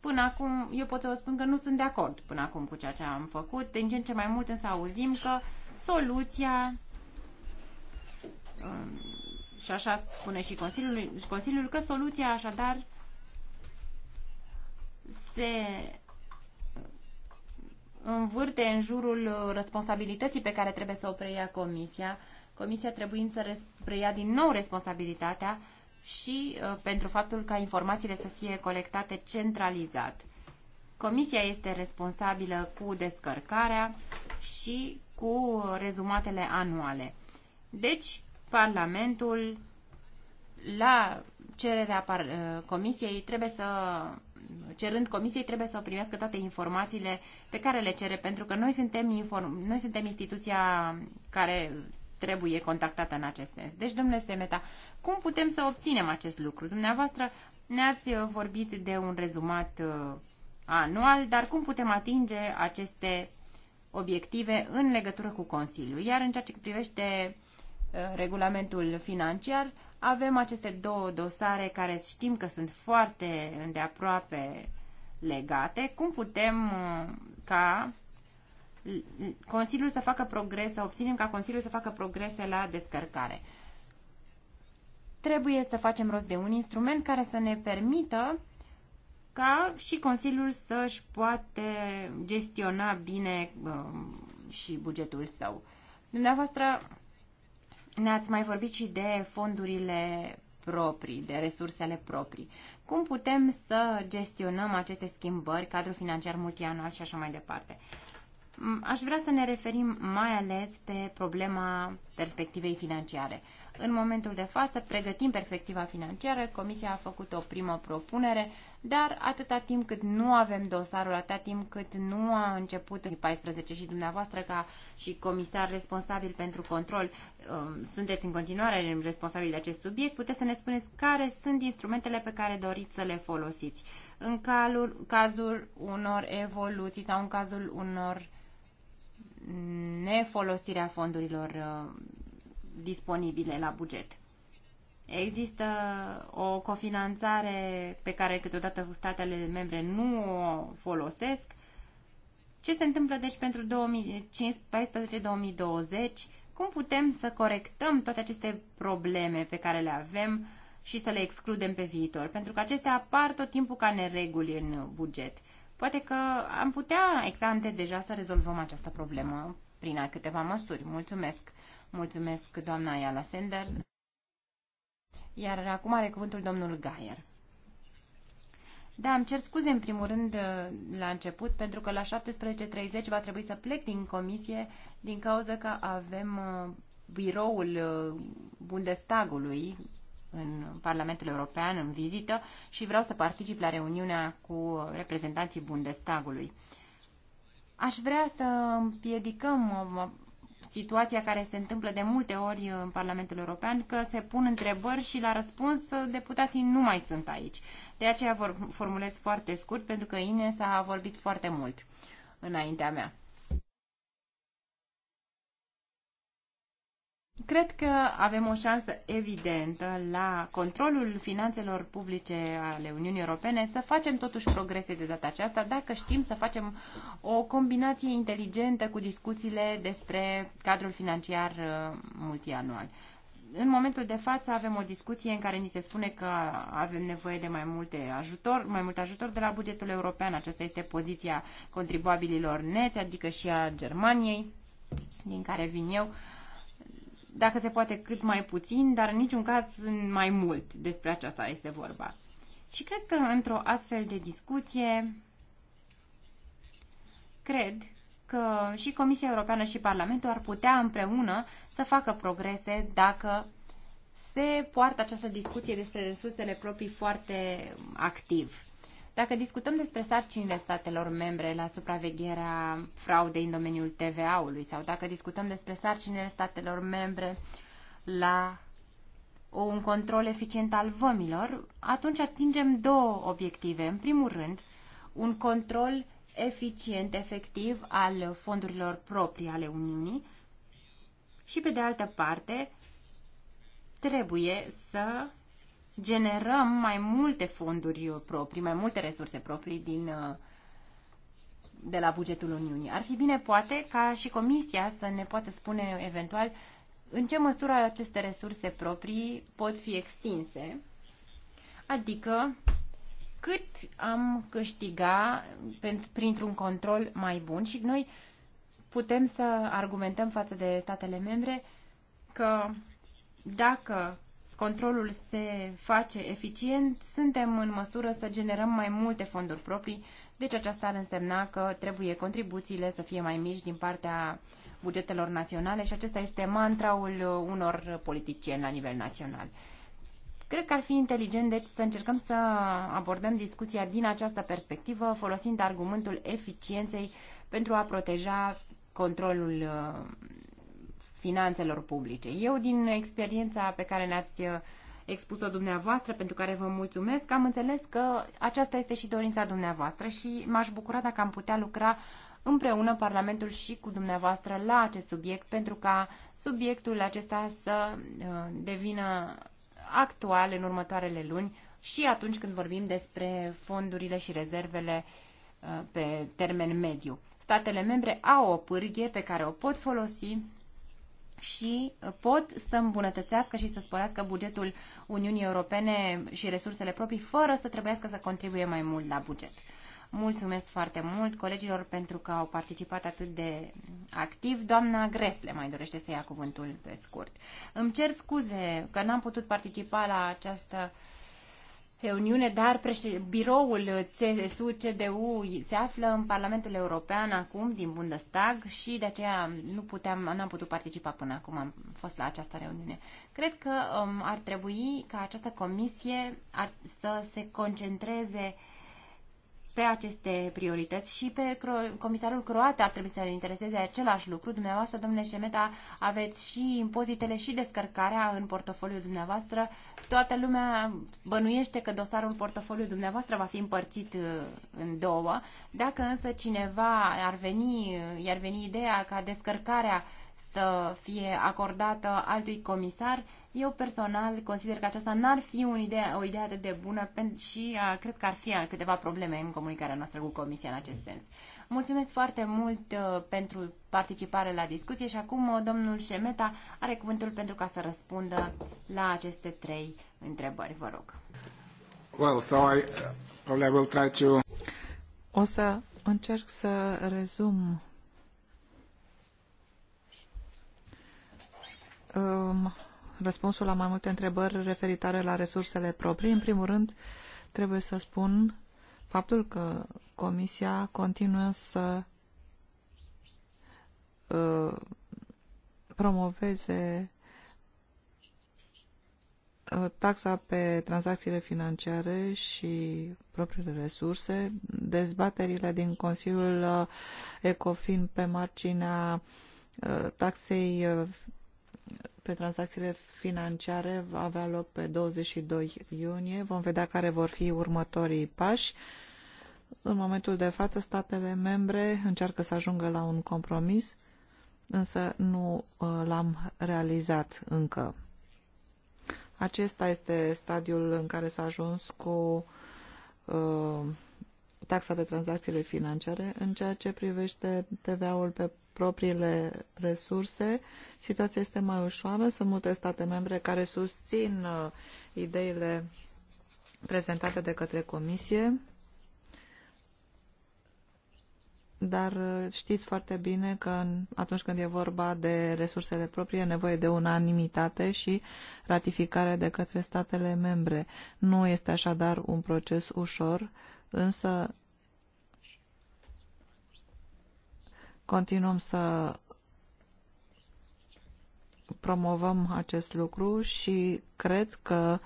până acum eu pot să vă spun că nu sunt de acord până acum cu ceea ce am făcut. Din ce în ce mai mult însă auzim că soluția Um, și așa spune și Consiliul, Consiliul că soluția așadar se învârte în jurul responsabilității pe care trebuie să o preia Comisia, Comisia trebuie să preia din nou responsabilitatea și uh, pentru faptul ca informațiile să fie colectate centralizat. Comisia este responsabilă cu descărcarea și cu rezumatele anuale. Deci, Parlamentul, la cererea eh, Comisiei, trebuie să cerând comisiei trebuie să primească toate informațiile pe care le cere, pentru că noi suntem, inform- noi suntem instituția care trebuie contactată în acest sens. Deci, domnule Semeta, cum putem să obținem acest lucru? Dumneavoastră ne-ați vorbit de un rezumat eh, anual, dar cum putem atinge aceste obiective în legătură cu Consiliul? Iar în ceea ce privește uh, Uh, regulamentul financiar, avem aceste două dosare care știm că sunt foarte îndeaproape legate. Cum putem uh, ca Consiliul să facă progrese, să obținem ca Consiliul să facă progrese la descărcare? Trebuie să facem rost de un instrument care să ne permită ca și Consiliul să-și poate gestiona bine uh, și bugetul său. Dumneavoastră, ne-ați mai vorbit și de fondurile proprii, de resursele proprii. Cum putem să gestionăm aceste schimbări, cadrul financiar multianual și așa mai departe? Aș vrea să ne referim mai ales pe problema perspectivei financiare. În momentul de față pregătim perspectiva financiară, Comisia a făcut o primă propunere dar atâta timp cât nu avem dosarul, atâta timp cât nu a început în 14 și dumneavoastră ca și comisar responsabil pentru control, um, sunteți în continuare responsabili de acest subiect, puteți să ne spuneți care sunt instrumentele pe care doriți să le folosiți în calul, cazul unor evoluții sau în cazul unor nefolosirea fondurilor uh, disponibile la buget. Există o cofinanțare pe care câteodată statele membre nu o folosesc. Ce se întâmplă deci pentru 2014-2020? Cum putem să corectăm toate aceste probleme pe care le avem și să le excludem pe viitor? Pentru că acestea apar tot timpul ca nereguli în buget. Poate că am putea exante deja să rezolvăm această problemă prin câteva măsuri. Mulțumesc! Mulțumesc, doamna Iala Sender. Iar acum are cuvântul domnul Gaier. Da, îmi cer scuze în primul rând uh, la început, pentru că la 17.30 va trebui să plec din comisie din cauza că avem uh, biroul uh, Bundestagului în Parlamentul European în vizită și vreau să particip la reuniunea cu reprezentanții Bundestagului. Aș vrea să împiedicăm situația care se întâmplă de multe ori în Parlamentul European, că se pun întrebări și la răspuns deputații nu mai sunt aici. De aceea vor, formulez foarte scurt, pentru că Ines a vorbit foarte mult înaintea mea. Cred că avem o șansă evidentă la controlul finanțelor publice ale Uniunii Europene să facem totuși progrese de data aceasta dacă știm să facem o combinație inteligentă cu discuțiile despre cadrul financiar uh, multianual. În momentul de față avem o discuție în care ni se spune că avem nevoie de mai multe ajutor, mai mult ajutor de la bugetul european. Aceasta este poziția contribuabililor neți, adică și a Germaniei, din care vin eu. Uh, dacă se poate cât mai puțin, dar în niciun caz mai mult despre aceasta este vorba. Și cred că într-o astfel de discuție, cred că și Comisia Europeană și Parlamentul ar putea împreună să facă progrese dacă se poartă această discuție despre resursele proprii foarte activ. Dacă discutăm despre sarcinile statelor membre la supravegherea fraudei în domeniul TVA-ului sau dacă discutăm despre sarcinile statelor membre la un control eficient al vămilor, atunci atingem două obiective. În primul rând, un control eficient, efectiv, al fondurilor proprii ale Uniunii și, pe de altă parte, trebuie să generăm mai multe fonduri uh, proprii, mai multe resurse proprii din, uh, de la bugetul Uniunii. Ar fi bine, poate, ca și Comisia să ne poată spune eventual în ce măsură aceste resurse proprii pot fi extinse, adică cât am câștiga printr-un control mai bun și noi putem să argumentăm față de statele membre că dacă controlul se face eficient, suntem în măsură să generăm mai multe fonduri proprii, deci aceasta ar însemna că trebuie contribuțiile să fie mai mici din partea bugetelor naționale și acesta este mantraul uh, unor politicieni la nivel național. Cred că ar fi inteligent, deci, să încercăm să abordăm discuția din această perspectivă, folosind argumentul eficienței pentru a proteja controlul uh, finanțelor publice. Eu, din experiența pe care ne-ați uh, expus-o dumneavoastră, pentru care vă mulțumesc, am înțeles că aceasta este și dorința dumneavoastră și m-aș bucura dacă am putea lucra împreună Parlamentul și cu dumneavoastră la acest subiect, pentru ca subiectul acesta să uh, devină actual în următoarele luni și atunci când vorbim despre fondurile și rezervele uh, pe termen mediu. Statele membre au o pârghie pe care o pot folosi și pot să îmbunătățească și să sporească bugetul Uniunii Europene și resursele proprii fără să trebuiască să contribuie mai mult la buget. Mulțumesc foarte mult colegilor pentru că au participat atât de activ. Doamna Gresle mai dorește să ia cuvântul pe scurt. Îmi cer scuze că n-am putut participa la această uh, reuniune, dar biroul CSU-CDU se află în Parlamentul European acum, din Bundestag, și de aceea nu puteam, n-am putut participa până acum, am fost la această reuniune. Cred că um, ar trebui ca această comisie ar, să se concentreze uh, pe aceste priorități și pe comisarul croat ar trebui să l intereseze același lucru. Dumneavoastră, domnule Șemeta, aveți și impozitele și descărcarea în portofoliul dumneavoastră. Toată lumea bănuiește că dosarul portofoliul dumneavoastră va fi împărțit uh, în două. Dacă însă cineva ar veni, uh, i-ar veni ideea ca descărcarea uh, să fie acordată altui comisar. Eu personal consider că aceasta n-ar fi un idee, o idee atât de bună și a, uh, cred că ar fi uh, câteva probleme în comunicarea noastră cu Comisia în acest sens. Mulțumesc foarte mult uh, pentru participare la discuție și acum uh, domnul Șemeta are cuvântul pentru ca să răspundă la aceste trei întrebări. Vă rog. Well, so I, uh, probably I will try to... O să încerc să rezum răspunsul la mai multe întrebări referitoare la resursele proprii. În primul rând, trebuie să spun faptul că Comisia continuă să ă, promoveze ă, taxa pe tranzacțiile financiare și propriile resurse, dezbaterile din Consiliul ă, ECOFIN pe marginea taxei pe tranzacțiile financiare va avea loc pe 22 iunie. Vom vedea care vor fi următorii pași. În momentul de față, statele membre încearcă să ajungă la un compromis, însă nu uh, l-am realizat încă. Acesta este stadiul în care s-a ajuns cu uh, taxa pe tranzacțiile financiare. În ceea ce privește TVA-ul pe propriile resurse, situația este mai ușoară. Sunt multe state membre care susțin uh, ideile prezentate de către Comisie, dar uh, știți foarte bine că atunci când e vorba de resursele proprii e nevoie de unanimitate și ratificare de către statele membre. Nu este așadar un proces ușor însă continuăm să promovăm acest lucru și cred că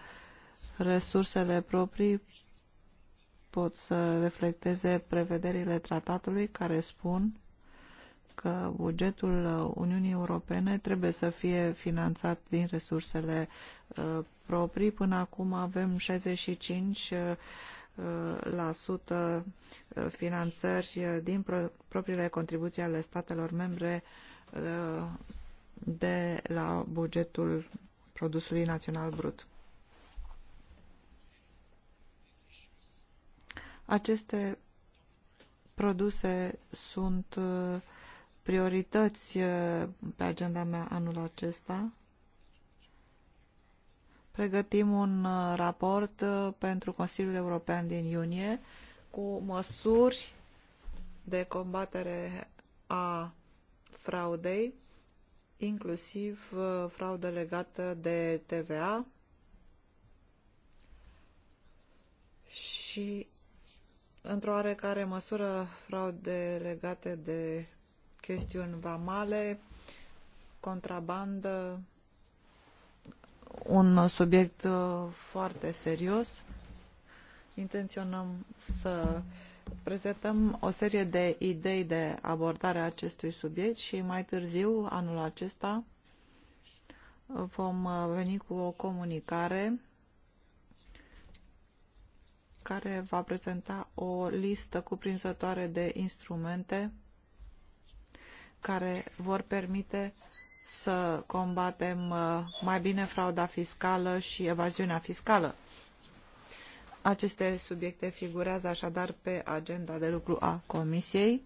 resursele proprii pot să reflecteze prevederile tratatului care spun că bugetul Uniunii Europene trebuie să fie finanțat din resursele uh, proprii. Până acum avem 65 uh, la sută uh, finanțări uh, din propriile contribuții ale statelor membre uh, de la bugetul produsului național brut. Aceste produse sunt priorități pe agenda mea anul acesta pregătim un uh, raport uh, pentru Consiliul European din iunie cu măsuri de combatere a fraudei, inclusiv uh, fraudă legată de TVA și într-o oarecare măsură fraude legate de chestiuni vamale, contrabandă, un subiect uh, foarte serios. Intenționăm să prezentăm o serie de idei de abordare a acestui subiect și mai târziu, anul acesta, vom uh, veni cu o comunicare care va prezenta o listă cuprinzătoare de instrumente care vor permite uh, să combatem uh, mai bine frauda fiscală și evaziunea fiscală. Aceste subiecte figurează așadar pe agenda de lucru a Comisiei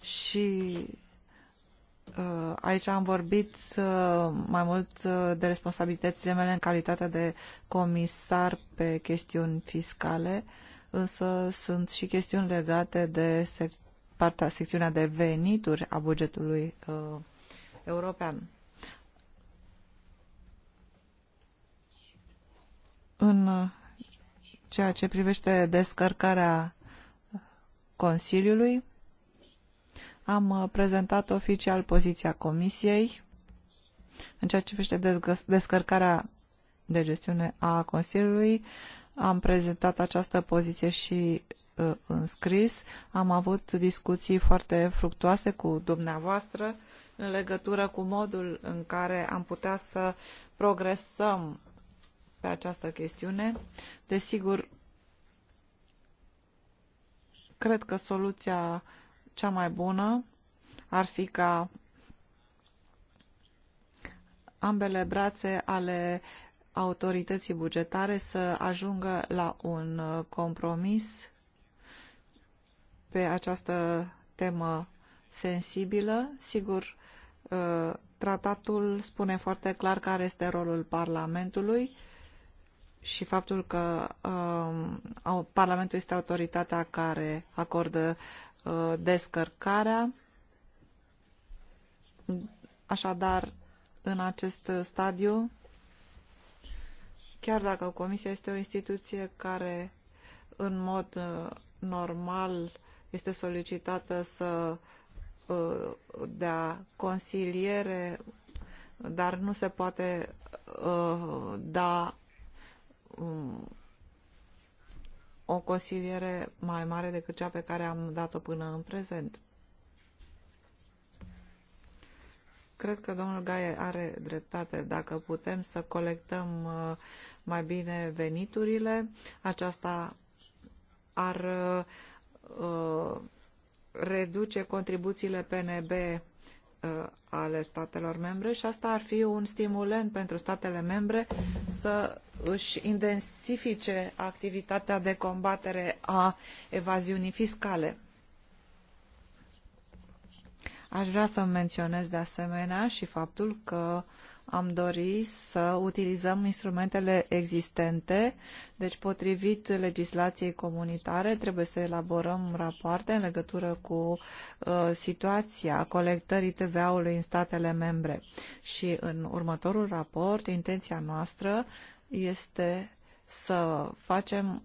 și uh, aici am vorbit uh, mai mult de responsabilitățile mele în calitate de comisar pe chestiuni fiscale, însă sunt și chestiuni legate de sec partea, secțiunea de venituri a bugetului european. În ceea ce privește descărcarea Consiliului, am prezentat oficial poziția Comisiei în ceea ce privește descărcarea de gestiune a Consiliului. Am prezentat această poziție și uh, înscris. Am avut discuții foarte fructuoase cu dumneavoastră în legătură cu modul în care am putea să progresăm pe această chestiune. Desigur, cred că soluția cea mai bună ar fi ca ambele brațe ale autorității bugetare să ajungă la un compromis pe această temă sensibilă. Sigur, Uh, tratatul spune foarte clar care este rolul Parlamentului și faptul că um, Parlamentul este autoritatea care acordă uh, descărcarea. Așadar, în acest stadiu, chiar dacă Comisia este o instituție care în mod uh, normal este solicitată să da consiliere, dar nu se poate uh, da um, o consiliere mai mare decât cea pe care am dat-o până în prezent. Cred că domnul Gaie are dreptate. Dacă putem să colectăm uh, mai bine veniturile, aceasta ar reduce contribuțiile PNB uh, ale statelor membre și asta ar fi un stimulent pentru statele membre să își intensifice activitatea de combatere a evaziunii fiscale. Aș vrea să menționez de asemenea și faptul că uh, am dori să utilizăm instrumentele existente, deci potrivit legislației comunitare trebuie să elaborăm rapoarte în legătură cu uh, situația colectării TVA-ului în statele membre. Și în următorul raport, intenția noastră este să facem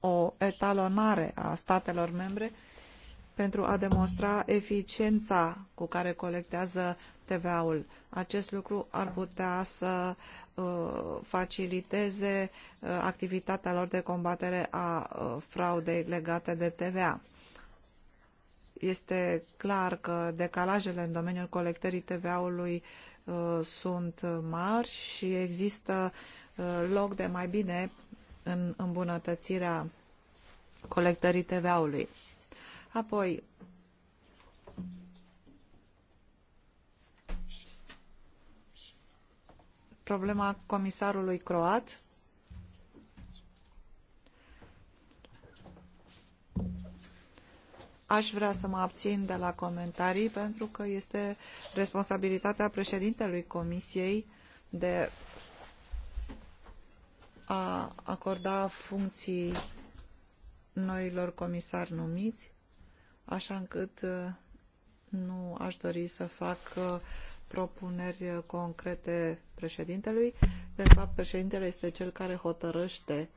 o etalonare a statelor membre pentru a demonstra eficiența cu care colectează TVA-ul. Acest lucru ar putea să uh, faciliteze uh, activitatea lor de combatere a uh, fraudei legate de TVA. Este clar că decalajele în domeniul colectării TVA-ului sunt mari și există loc de mai bine în îmbunătățirea colectării TVA-ului. Apoi, problema comisarului croat. Aș vrea să mă abțin de la comentarii pentru că este responsabilitatea președintelui comisiei de a acorda funcții noilor comisari numiți, așa încât uh, nu aș dori să fac uh, propuneri concrete președintelui. De fapt, președintele este cel care hotărăște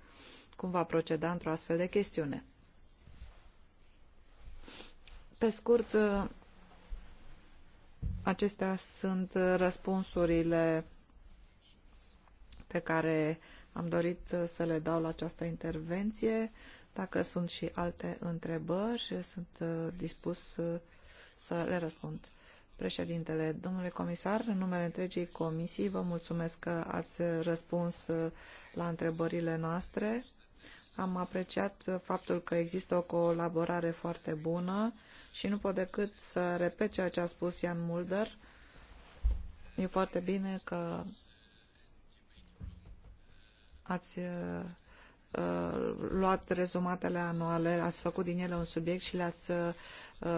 cum va proceda într-o astfel de chestiune. Pe scurt, acestea sunt răspunsurile pe care am dorit să le dau la această intervenție. Dacă sunt și alte întrebări, sunt dispus să le răspund. Președintele, domnule comisar, în numele întregii comisii vă mulțumesc că ați răspuns la întrebările noastre. Am apreciat faptul că există o colaborare foarte bună și nu pot decât să repet ceea ce a spus Ian Mulder. E foarte bine că ați Uh, luat rezumatele anuale, ați făcut din ele un subiect și le-ați uh,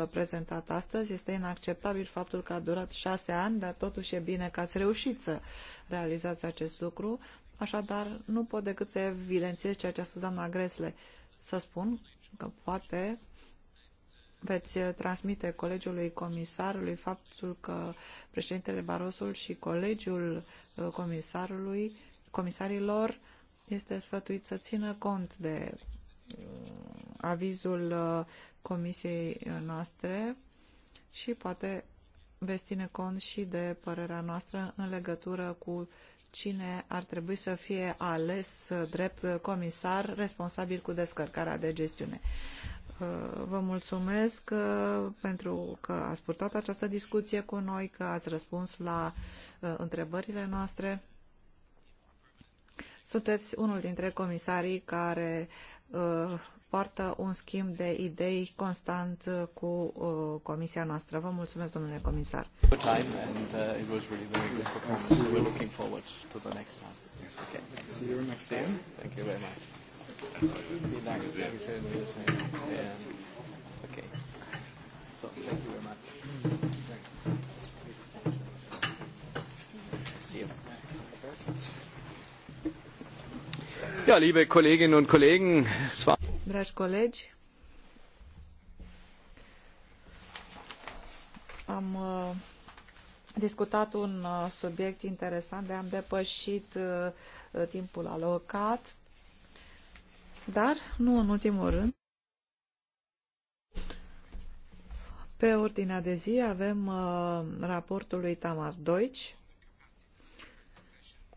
prezentat astăzi. Este inacceptabil faptul că a durat șase ani, dar totuși e bine că ați reușit să realizați acest lucru. Așadar, nu pot decât să evidențiez ceea ce a spus doamna Gresle. Să spun că poate veți uh, transmite colegiului comisarului faptul că președintele Barosul și colegiul comisarului, comisarilor este sfătuit să țină cont de mm, avizul uh, comisiei uh, noastre și poate veți ține cont și de părerea noastră în legătură cu cine ar trebui să fie ales uh, drept comisar responsabil cu descărcarea de gestiune. Vă mulțumesc pentru că ați purtat această discuție cu noi, că ați răspuns la întrebările noastre. Sunteți unul dintre comisarii care uh, poartă un schimb de idei constant uh, cu uh, comisia noastră. Vă mulțumesc, domnule comisar. Uh, thank you. Ja, liebe Kolleginnen und Kollegen, es war... Dragi colegi, am uh, discutat un uh, subiect interesant, de am depășit uh, timpul alocat, dar nu în ultimul rând. Pe ordinea de zi avem raportul lui Tamas Deutsch,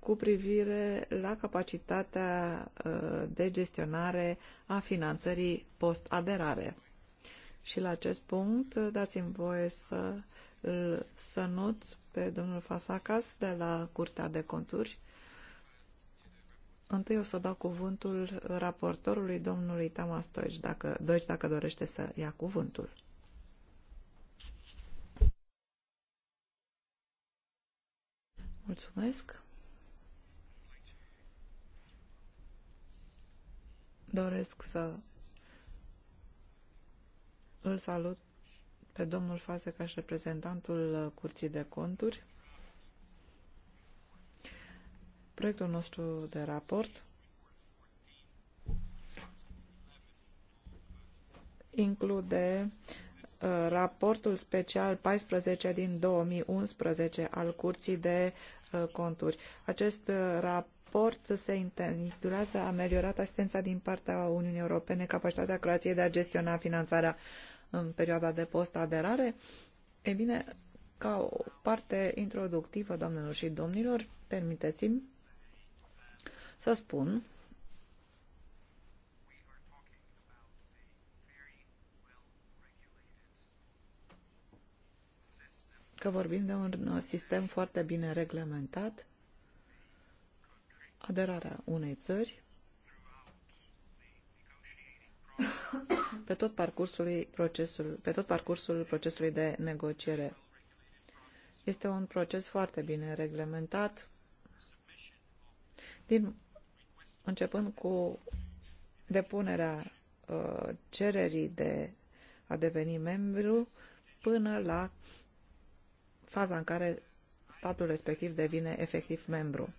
cu privire la capacitatea ă, de gestionare a finanțării post-aderare. Și la acest punct dați-mi voie să îl sănut pe domnul Fasacas de la Curtea de Conturi. Întâi o să dau cuvântul raportorului domnului Tamas Doici, dacă, Doici, dacă dorește să ia cuvântul. Mulțumesc. Doresc să îl salut pe domnul Fasecaș, reprezentantul Curții de Conturi. Proiectul nostru de raport include uh, raportul special 14 din 2011 al Curții de uh, Conturi. Acest uh, raport raport se intitulează Ameliorat asistența din partea Uniunii Europene, capacitatea Croației de a gestiona finanțarea în perioada de post-aderare. E bine, ca o parte introductivă, doamnelor și domnilor, permiteți-mi să spun că vorbim de un sistem foarte bine reglementat aderarea unei țări pe tot parcursul procesul, pe tot parcursul procesului de negociere. Este un proces foarte bine reglementat, din, începând cu depunerea uh, cererii de a deveni membru până la faza în care statul respectiv devine efectiv membru.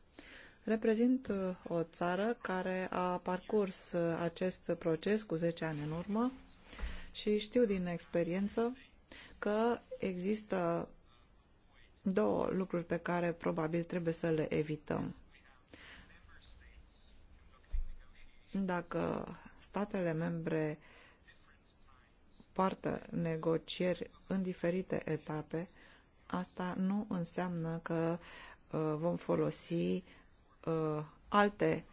Reprezint uh, o țară care a parcurs uh, acest proces cu 10 ani în urmă și știu din experiență că există două lucruri pe care probabil trebuie să le evităm. Dacă statele membre poartă negocieri în diferite etape, asta nu înseamnă că uh, vom folosi uh, alte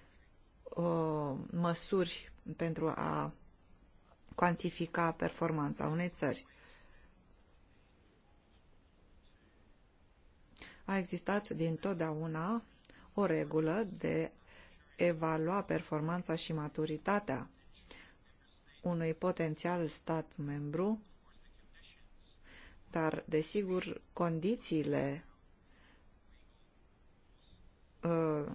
uh, măsuri pentru a cuantifica performanța unei țări. A existat din totdeauna o regulă de evalua performanța și maturitatea unui potențial stat membru, dar, desigur, condițiile Uh,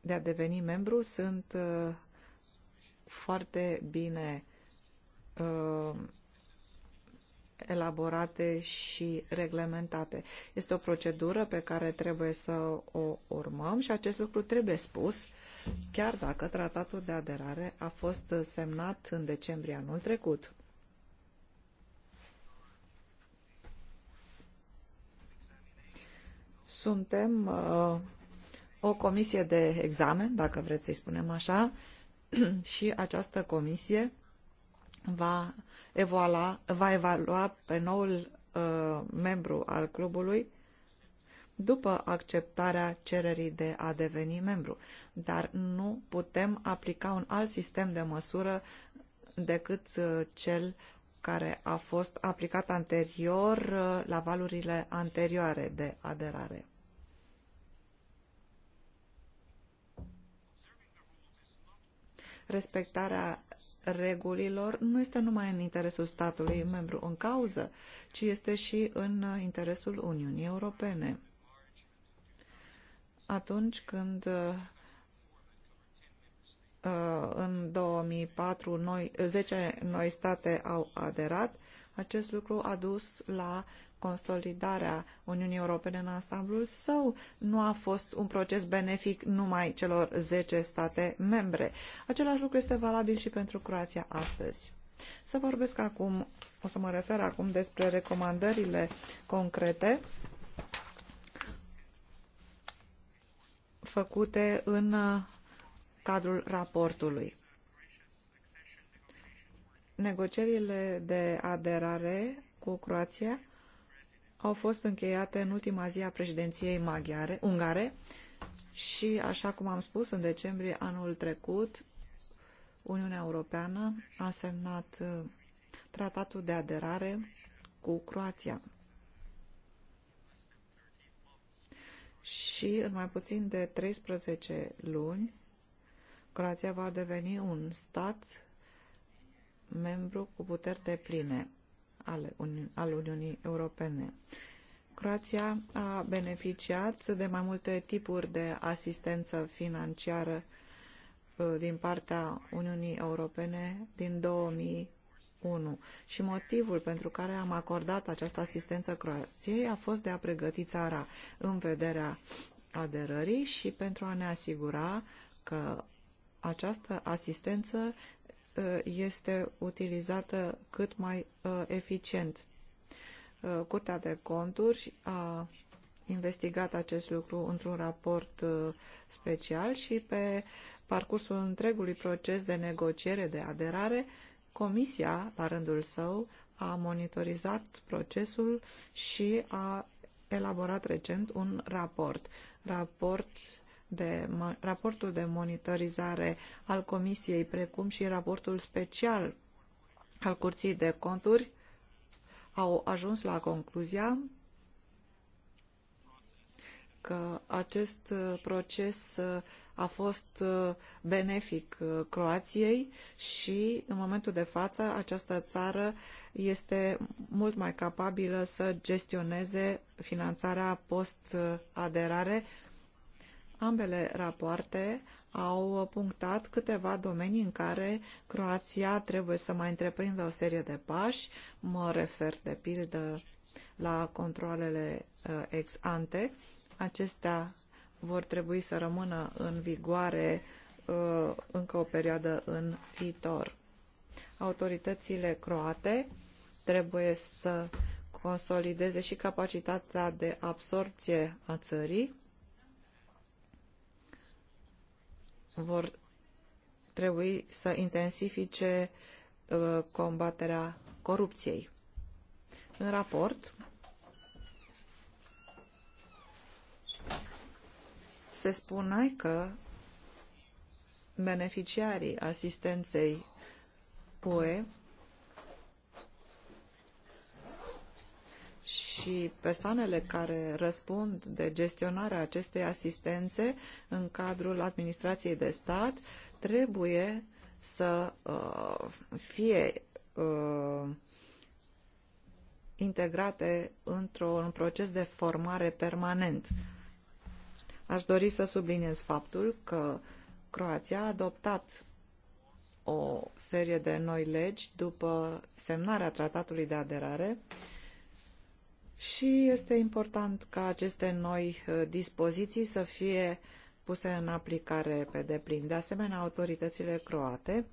de a deveni membru sunt uh, foarte bine uh, elaborate și reglementate. Este o procedură pe care trebuie să o urmăm și acest lucru trebuie spus, chiar dacă tratatul de aderare a fost semnat în decembrie anul trecut. Suntem uh, o comisie de examen, dacă vreți să-i spunem așa, și această comisie va evalua, va evalua pe noul uh, membru al clubului după acceptarea cererii de a deveni membru. Dar nu putem aplica un alt sistem de măsură decât uh, cel care a fost aplicat anterior uh, la valurile anterioare de aderare. Respectarea regulilor nu este numai în interesul statului membru în cauză, ci este și în uh, interesul Uniunii Europene. Atunci când uh, Uh, în 2004 noi, 10 noi state au aderat. Acest lucru a dus la consolidarea Uniunii Europene în ansamblul său nu a fost un proces benefic numai celor 10 state membre. Același lucru este valabil și pentru Croația astăzi. Să vorbesc acum, o să mă refer acum despre recomandările concrete făcute în uh, cadrul raportului. Negocierile de aderare cu Croația au fost încheiate în ultima zi a președinției maghiare, ungare și, așa cum am spus, în decembrie anul trecut, Uniunea Europeană a semnat uh, tratatul de aderare cu Croația. Și în mai puțin de 13 luni, Croația va deveni un stat membru cu puteri de pline al, Uni al Uniunii Europene. Croația a beneficiat de mai multe tipuri de asistență financiară uh, din partea Uniunii Europene din 2001 și motivul pentru care am acordat această asistență Croației a fost de a pregăti țara în vederea aderării și pentru a ne asigura că această asistență uh, este utilizată cât mai uh, eficient. Uh, Curtea de conturi a investigat acest lucru într-un raport special și pe parcursul întregului proces de negociere de aderare, Comisia, la rândul său, a monitorizat procesul și a elaborat recent un raport. Raport de raportul de monitorizare al Comisiei, precum și raportul special al Curții de Conturi, au ajuns la concluzia că acest proces a fost benefic Croației și în momentul de față această țară este mult mai capabilă să gestioneze finanțarea post-aderare Ambele rapoarte au punctat câteva domenii în care Croația trebuie să mai întreprindă o serie de pași. Mă refer, de pildă, la controlele uh, ex ante. Acestea vor trebui să rămână în vigoare uh, încă o perioadă în viitor. Autoritățile croate trebuie să consolideze și capacitatea de absorție a țării vor trebui să intensifice uh, combaterea corupției. În raport se spune că beneficiarii asistenței PUE și persoanele care răspund de gestionarea acestei asistențe în cadrul administrației de stat trebuie să uh, fie uh, integrate într-un proces de formare permanent. Aș dori să subliniez faptul că Croația a adoptat o serie de noi legi după semnarea tratatului de aderare și este important ca aceste noi uh, dispoziții să fie puse în aplicare pe deplin. De asemenea, autoritățile croate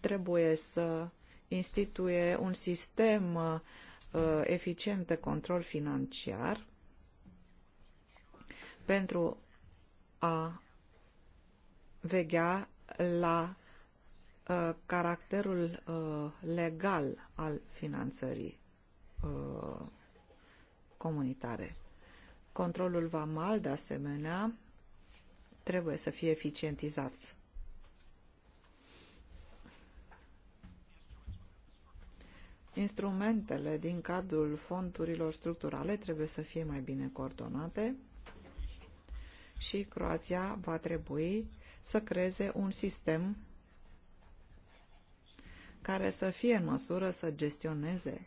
trebuie să instituie un sistem uh, uh, eficient de control financiar pentru a veghea la caracterul legal al finanțării comunitare. Controlul vamal, de asemenea, trebuie să fie eficientizat. Instrumentele din cadrul fondurilor structurale trebuie să fie mai bine coordonate și Croația va trebui să creeze un sistem care să fie în măsură să gestioneze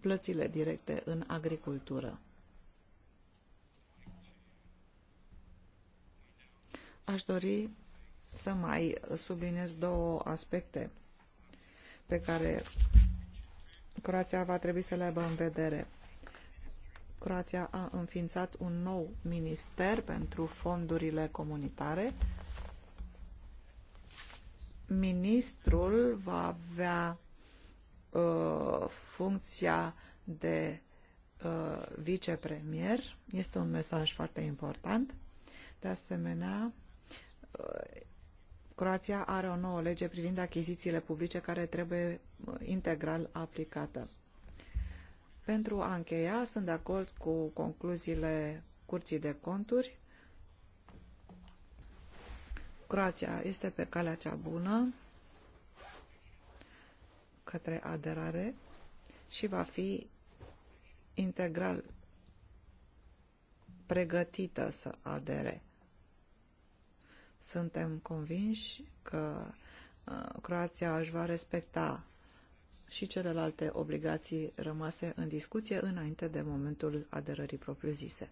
plățile directe în agricultură. Aș dori să mai subliniez două aspecte pe care Croația va trebui să le aibă în vedere. Croația a înființat un nou minister pentru fondurile comunitare. Ministrul va avea Uh, funcția de uh, vicepremier. Este un mesaj foarte important. De asemenea, uh, Croația are o nouă lege privind achizițiile publice care trebuie integral aplicată. Pentru a încheia, sunt de acord cu concluziile Curții de Conturi. Croația este pe calea cea bună către aderare și va fi integral pregătită să adere. Suntem convinși că uh, Croația își va respecta și celelalte obligații rămase în discuție înainte de momentul aderării propriu-zise.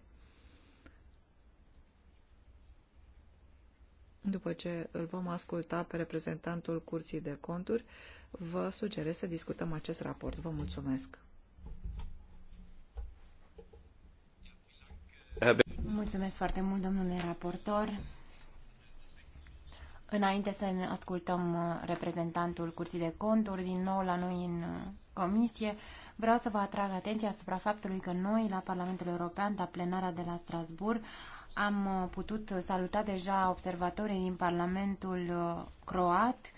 După ce îl vom asculta pe reprezentantul Curții de Conturi, vă sugerez să discutăm acest raport. Vă mulțumesc! Mulțumesc foarte mult, domnule raportor. Înainte să ne ascultăm uh, reprezentantul Curții de Conturi din nou la noi în uh, comisie, vreau să vă atrag atenția asupra faptului că noi la Parlamentul European, la plenara de la Strasbourg, am uh, putut saluta deja observatorii din Parlamentul Croat,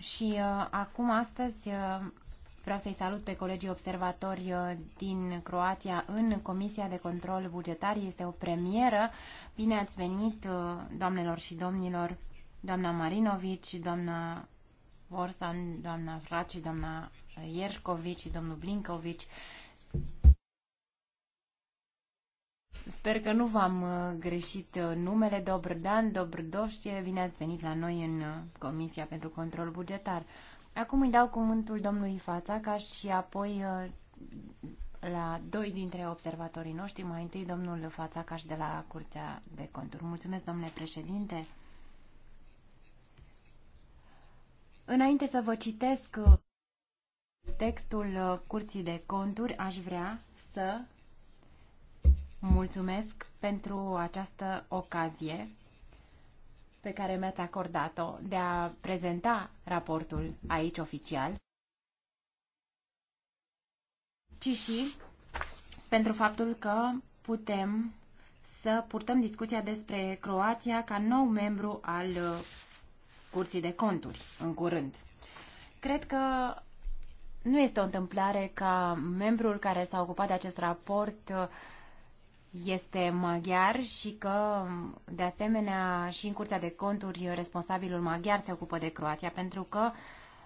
și uh, acum, astăzi, uh, vreau să-i salut pe colegii observatori uh, din Croația în Comisia de Control Bugetar. Este o premieră. Bine ați venit, uh, doamnelor și domnilor, doamna Marinovici, doamna Vorsan, doamna Fraci, doamna Ierșcovici și domnul Blinkovici. Uh, Sper că nu v-am uh, greșit uh, numele. Dobrdan, Dobrdoșie, bine ați venit la noi în uh, Comisia pentru Control Bugetar. Acum îi dau cuvântul domnului Fațaca și apoi la doi dintre observatorii noștri, mai întâi domnul Fațacaș de la Curtea de Conturi. Mulțumesc, domnule președinte. Înainte să vă citesc textul Curții de Conturi, aș vrea să mulțumesc pentru această ocazie pe care mi-ați acordat-o de a prezenta raportul aici oficial, ci și pentru faptul că putem să purtăm discuția despre Croația ca nou membru al uh, Curții de Conturi în curând. Cred că nu este o întâmplare ca membrul care s-a ocupat de acest raport uh, este maghiar și că, de asemenea, și în Curtea de Conturi, responsabilul maghiar se ocupă de Croația, pentru că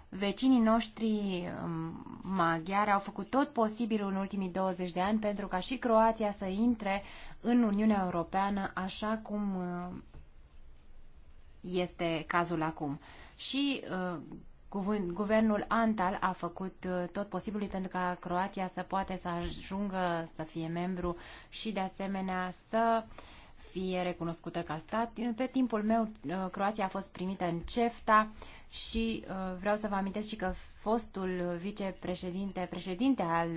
vecinii noștri um, maghiari au făcut tot posibilul în ultimii 20 de ani pentru ca și Croația să intre în Uniunea Europeană, așa cum uh, este cazul acum. Și uh, Guvernul Antal a făcut uh, tot posibilul pentru ca Croația să poate să ajungă să fie membru și de asemenea să fie recunoscută ca stat. Pe timpul meu, uh, Croația a fost primită în CEFTA și uh, vreau să vă amintesc și că fostul vicepreședinte, președinte al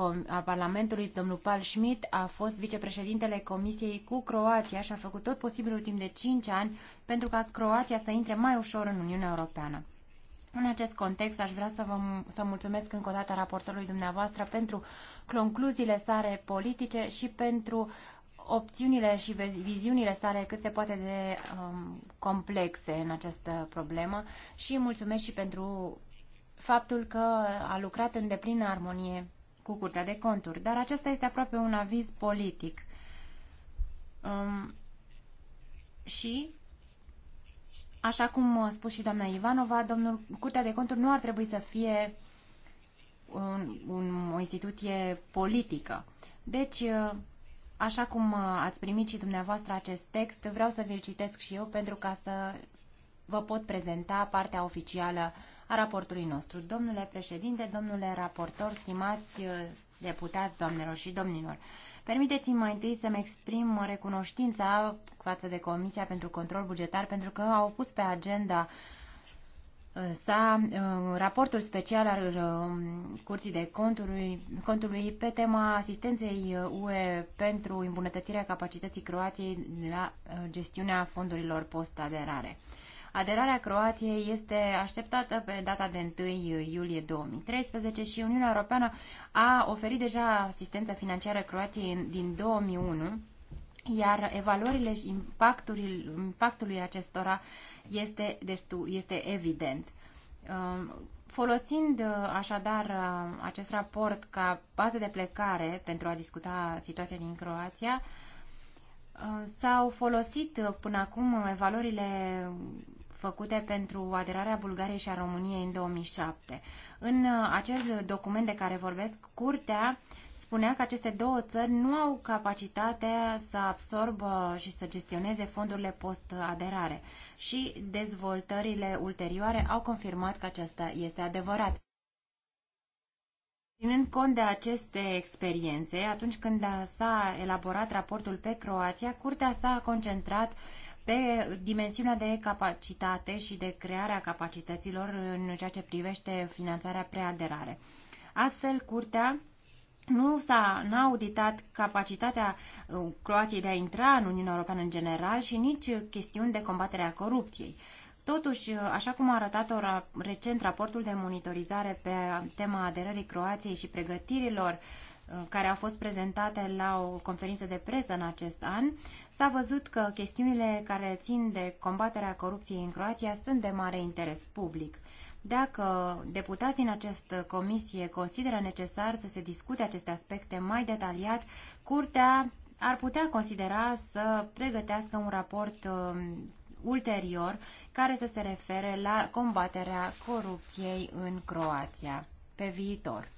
al Parlamentului, domnul Paul Schmidt, a fost vicepreședintele Comisiei cu Croația și a făcut tot posibilul timp de 5 ani pentru ca Croația să intre mai ușor în Uniunea Europeană. În acest context, aș vrea să vă să mulțumesc încă o dată raportorului dumneavoastră pentru concluziile sale politice și pentru opțiunile și viziunile sale cât se poate de um, complexe în această problemă și mulțumesc și pentru faptul că a lucrat în deplină armonie cu Curtea de Conturi, dar acesta este aproape un aviz politic. Um, și, așa cum a spus și doamna Ivanova, domnul Curtea de Conturi nu ar trebui să fie un, un, o instituție politică. Deci, uh, așa cum ați primit și dumneavoastră acest text, vreau să vi-l citesc și eu pentru ca să vă pot prezenta partea oficială a raportului nostru. Domnule președinte, domnule raportor, stimați uh, deputați, doamnelor și domnilor, permiteți-mi mai întâi să-mi exprim recunoștința față de Comisia pentru Control Bugetar pentru că au pus pe agenda uh, sa uh, raportul special al Curții de Conturi, contului pe tema asistenței UE pentru îmbunătățirea capacității Croației la gestiunea fondurilor post aderare. Aderarea Croației este așteptată pe data de 1 iulie 2013 și Uniunea Europeană a oferit deja asistență financiară Croației din 2001 iar evaluările și impactului, impactului acestora este, destul, este evident. Um, folosind uh, așadar uh, acest raport ca bază de plecare pentru a discuta situația din Croația, uh, s-au folosit până acum evaluările făcute pentru aderarea Bulgariei și a României în 2007. În uh, acel document de care vorbesc, Curtea spunea că aceste două țări nu au capacitatea să absorbă și să gestioneze fondurile post-aderare și dezvoltările ulterioare au confirmat că aceasta este adevărat. Ținând cont de aceste experiențe, atunci când s-a elaborat raportul pe Croația, Curtea s-a concentrat pe dimensiunea de capacitate și de crearea capacităților în ceea ce privește finanțarea preaderare. Astfel, Curtea nu s-a auditat capacitatea uh, Croației de a intra în Uniunea Europeană în general și nici chestiuni de combatere a corupției. Totuși, uh, așa cum a arătat-o recent raportul de monitorizare pe tema aderării Croației și pregătirilor uh, Uh, care au fost prezentate la o conferință de presă în acest an, s-a văzut că chestiunile care țin de combaterea corupției în Croația sunt de mare interes public. Dacă deputații în această comisie consideră necesar să se discute aceste aspecte mai detaliat, Curtea ar putea considera să pregătească un raport uh, ulterior care să se refere la combaterea corupției în Croația pe viitor.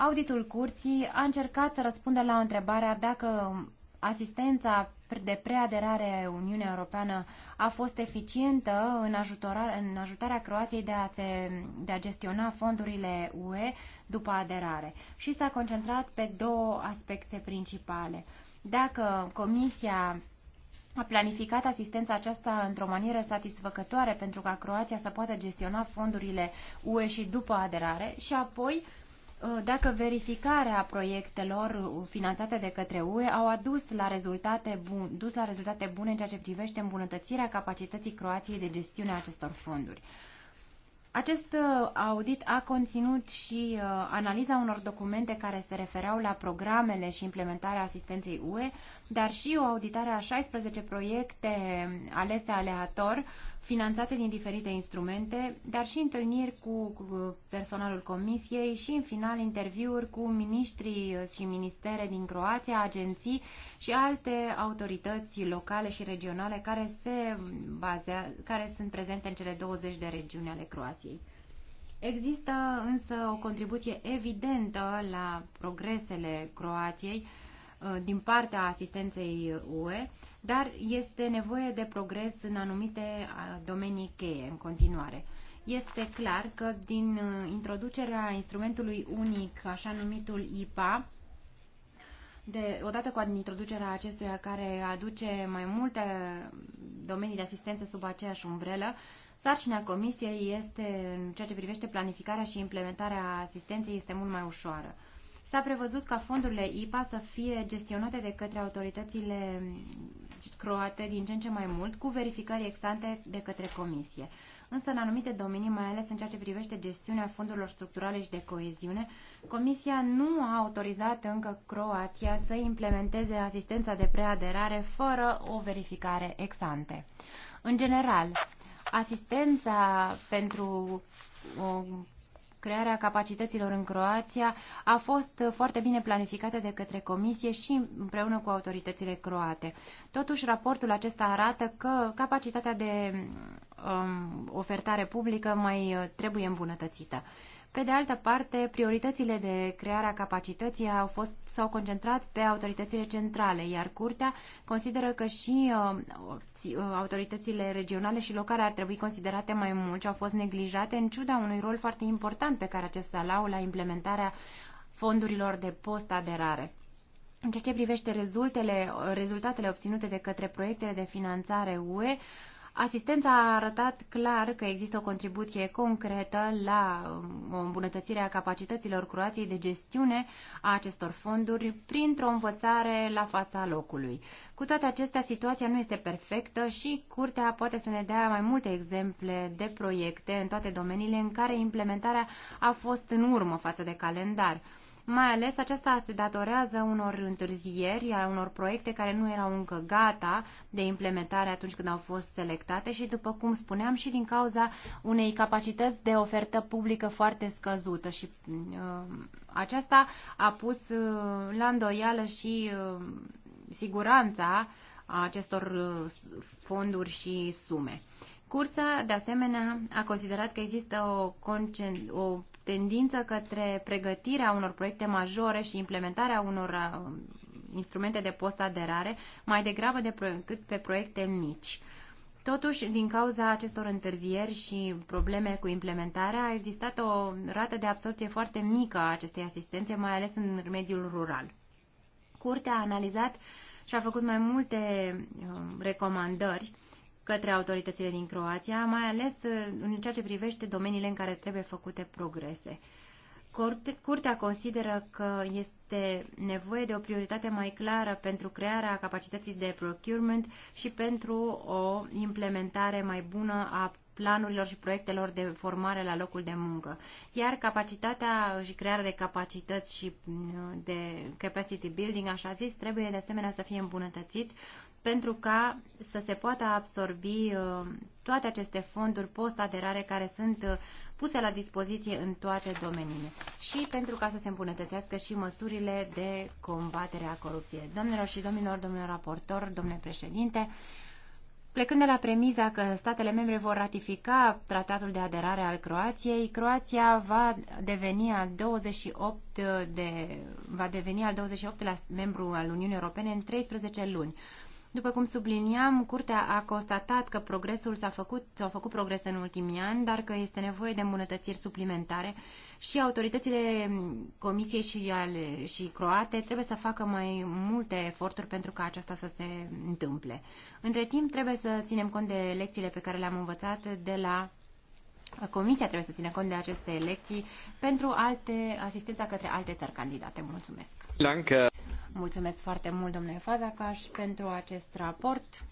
Auditul curții a încercat să răspundă la întrebarea dacă asistența de preaderare Uniunea Europeană a fost eficientă în, ajutorare, în ajutarea Croației de a, se, de a gestiona fondurile UE după aderare și s-a concentrat pe două aspecte principale. Dacă Comisia a planificat asistența aceasta într-o manieră satisfăcătoare pentru ca Croația să poată gestiona fondurile UE și după aderare și apoi Uh, dacă verificarea proiectelor finanțate de către UE au adus la rezultate, bun, dus la rezultate bune în ceea ce privește îmbunătățirea capacității Croației de gestiune a acestor fonduri. Acest uh, audit a conținut și uh, analiza unor documente care se refereau la programele și implementarea asistenței UE, dar și o auditare a 16 proiecte alese aleator, finanțate din diferite instrumente, dar și întâlniri cu, personalul comisiei și, în final, interviuri cu ministrii și ministere din Croația, agenții și alte autorități locale și regionale care, se bazea, care sunt prezente în cele 20 de regiuni ale Croației. Revoluției. Există însă o contribuție evidentă la progresele Croației uh, din partea asistenței UE, dar este nevoie de progres în anumite uh, domenii cheie în continuare. Este clar că din uh, introducerea instrumentului unic, așa numitul IPA, de, odată cu introducerea acestuia care aduce mai multe domenii de asistență sub aceeași umbrelă, sarcina comisiei este, în ceea ce privește planificarea și implementarea asistenței, este mult mai ușoară. S-a prevăzut ca fondurile IPA să fie gestionate de către autoritățile croate din ce în ce mai mult, cu verificări exante de către comisie însă în anumite domenii, mai ales în ceea ce privește gestiunea fondurilor structurale și de coeziune, Comisia nu a autorizat încă Croația să implementeze asistența de preaderare fără o verificare ex ante. În general, asistența pentru um, crearea capacităților în Croația a fost foarte bine planificată de către Comisie și împreună cu autoritățile croate. Totuși, raportul acesta arată că capacitatea de um, ofertare publică mai uh, trebuie îmbunătățită. Pe de altă parte, prioritățile de creare a capacității au fost s-au concentrat pe autoritățile centrale, iar Curtea consideră că și uh, uh, autoritățile regionale și locale ar trebui considerate mai mult și au fost neglijate în ciuda unui rol foarte important pe care acesta l-au la implementarea fondurilor de post-aderare. În ceea ce privește rezultele, rezultatele obținute de către proiectele de finanțare UE, Asistența a arătat clar că există o contribuție concretă la um, o îmbunătățire a capacităților Croației de gestiune a acestor fonduri printr-o învățare la fața locului. Cu toate acestea, situația nu este perfectă și Curtea poate să ne dea mai multe exemple de proiecte în toate domeniile în care implementarea a fost în urmă față de calendar. Mai ales aceasta se datorează unor întârzieri, a unor proiecte care nu erau încă gata de implementare atunci când au fost selectate și, după cum spuneam, și din cauza unei capacități de ofertă publică foarte scăzută și uh, aceasta a pus uh, la îndoială și uh, siguranța acestor uh, fonduri și sume. Cursa, de asemenea, a considerat că există o, o tendință către pregătirea unor proiecte majore și implementarea unor uh, instrumente de post-aderare mai degrabă decât pe proiecte mici. Totuși, din cauza acestor întârzieri și probleme cu implementarea, a existat o rată de absorpție foarte mică a acestei asistențe, mai ales în mediul rural. Curtea a analizat și a făcut mai multe uh, recomandări către autoritățile din Croația, mai ales uh, în ceea ce privește domeniile în care trebuie făcute progrese. Curtea consideră că este nevoie de o prioritate mai clară pentru crearea capacității de procurement și pentru o implementare mai bună a planurilor și proiectelor de formare la locul de muncă. Iar capacitatea și crearea de capacități și mm, de capacity building, așa zis, trebuie de asemenea să fie îmbunătățit pentru ca să se poată absorbi uh, toate aceste fonduri post-aderare care sunt uh, puse la dispoziție în toate domeniile și pentru ca să se îmbunătățească și măsurile de combatere a corupției. Domnilor și domnilor, domnule raportor, domnule președinte, Plecând de la premiza că statele membre vor ratifica tratatul de aderare al Croației, Croația va deveni al 28 uh, de, va deveni al 28 la membru al Uniunii Europene în 13 luni. După cum subliniam, Curtea a constatat că progresul s-a făcut, s-au făcut progrese în ultimii ani, dar că este nevoie de îmbunătățiri suplimentare și autoritățile Comisiei și, ale, și croate trebuie să facă mai multe eforturi pentru ca aceasta să se întâmple. Între timp, trebuie să ținem cont de lecțiile pe care le-am învățat de la Comisia trebuie să țină cont de aceste lecții pentru alte asistența către alte țări candidate. Mulțumesc! Mulțumesc foarte mult, domnule Fazakas, pentru acest raport.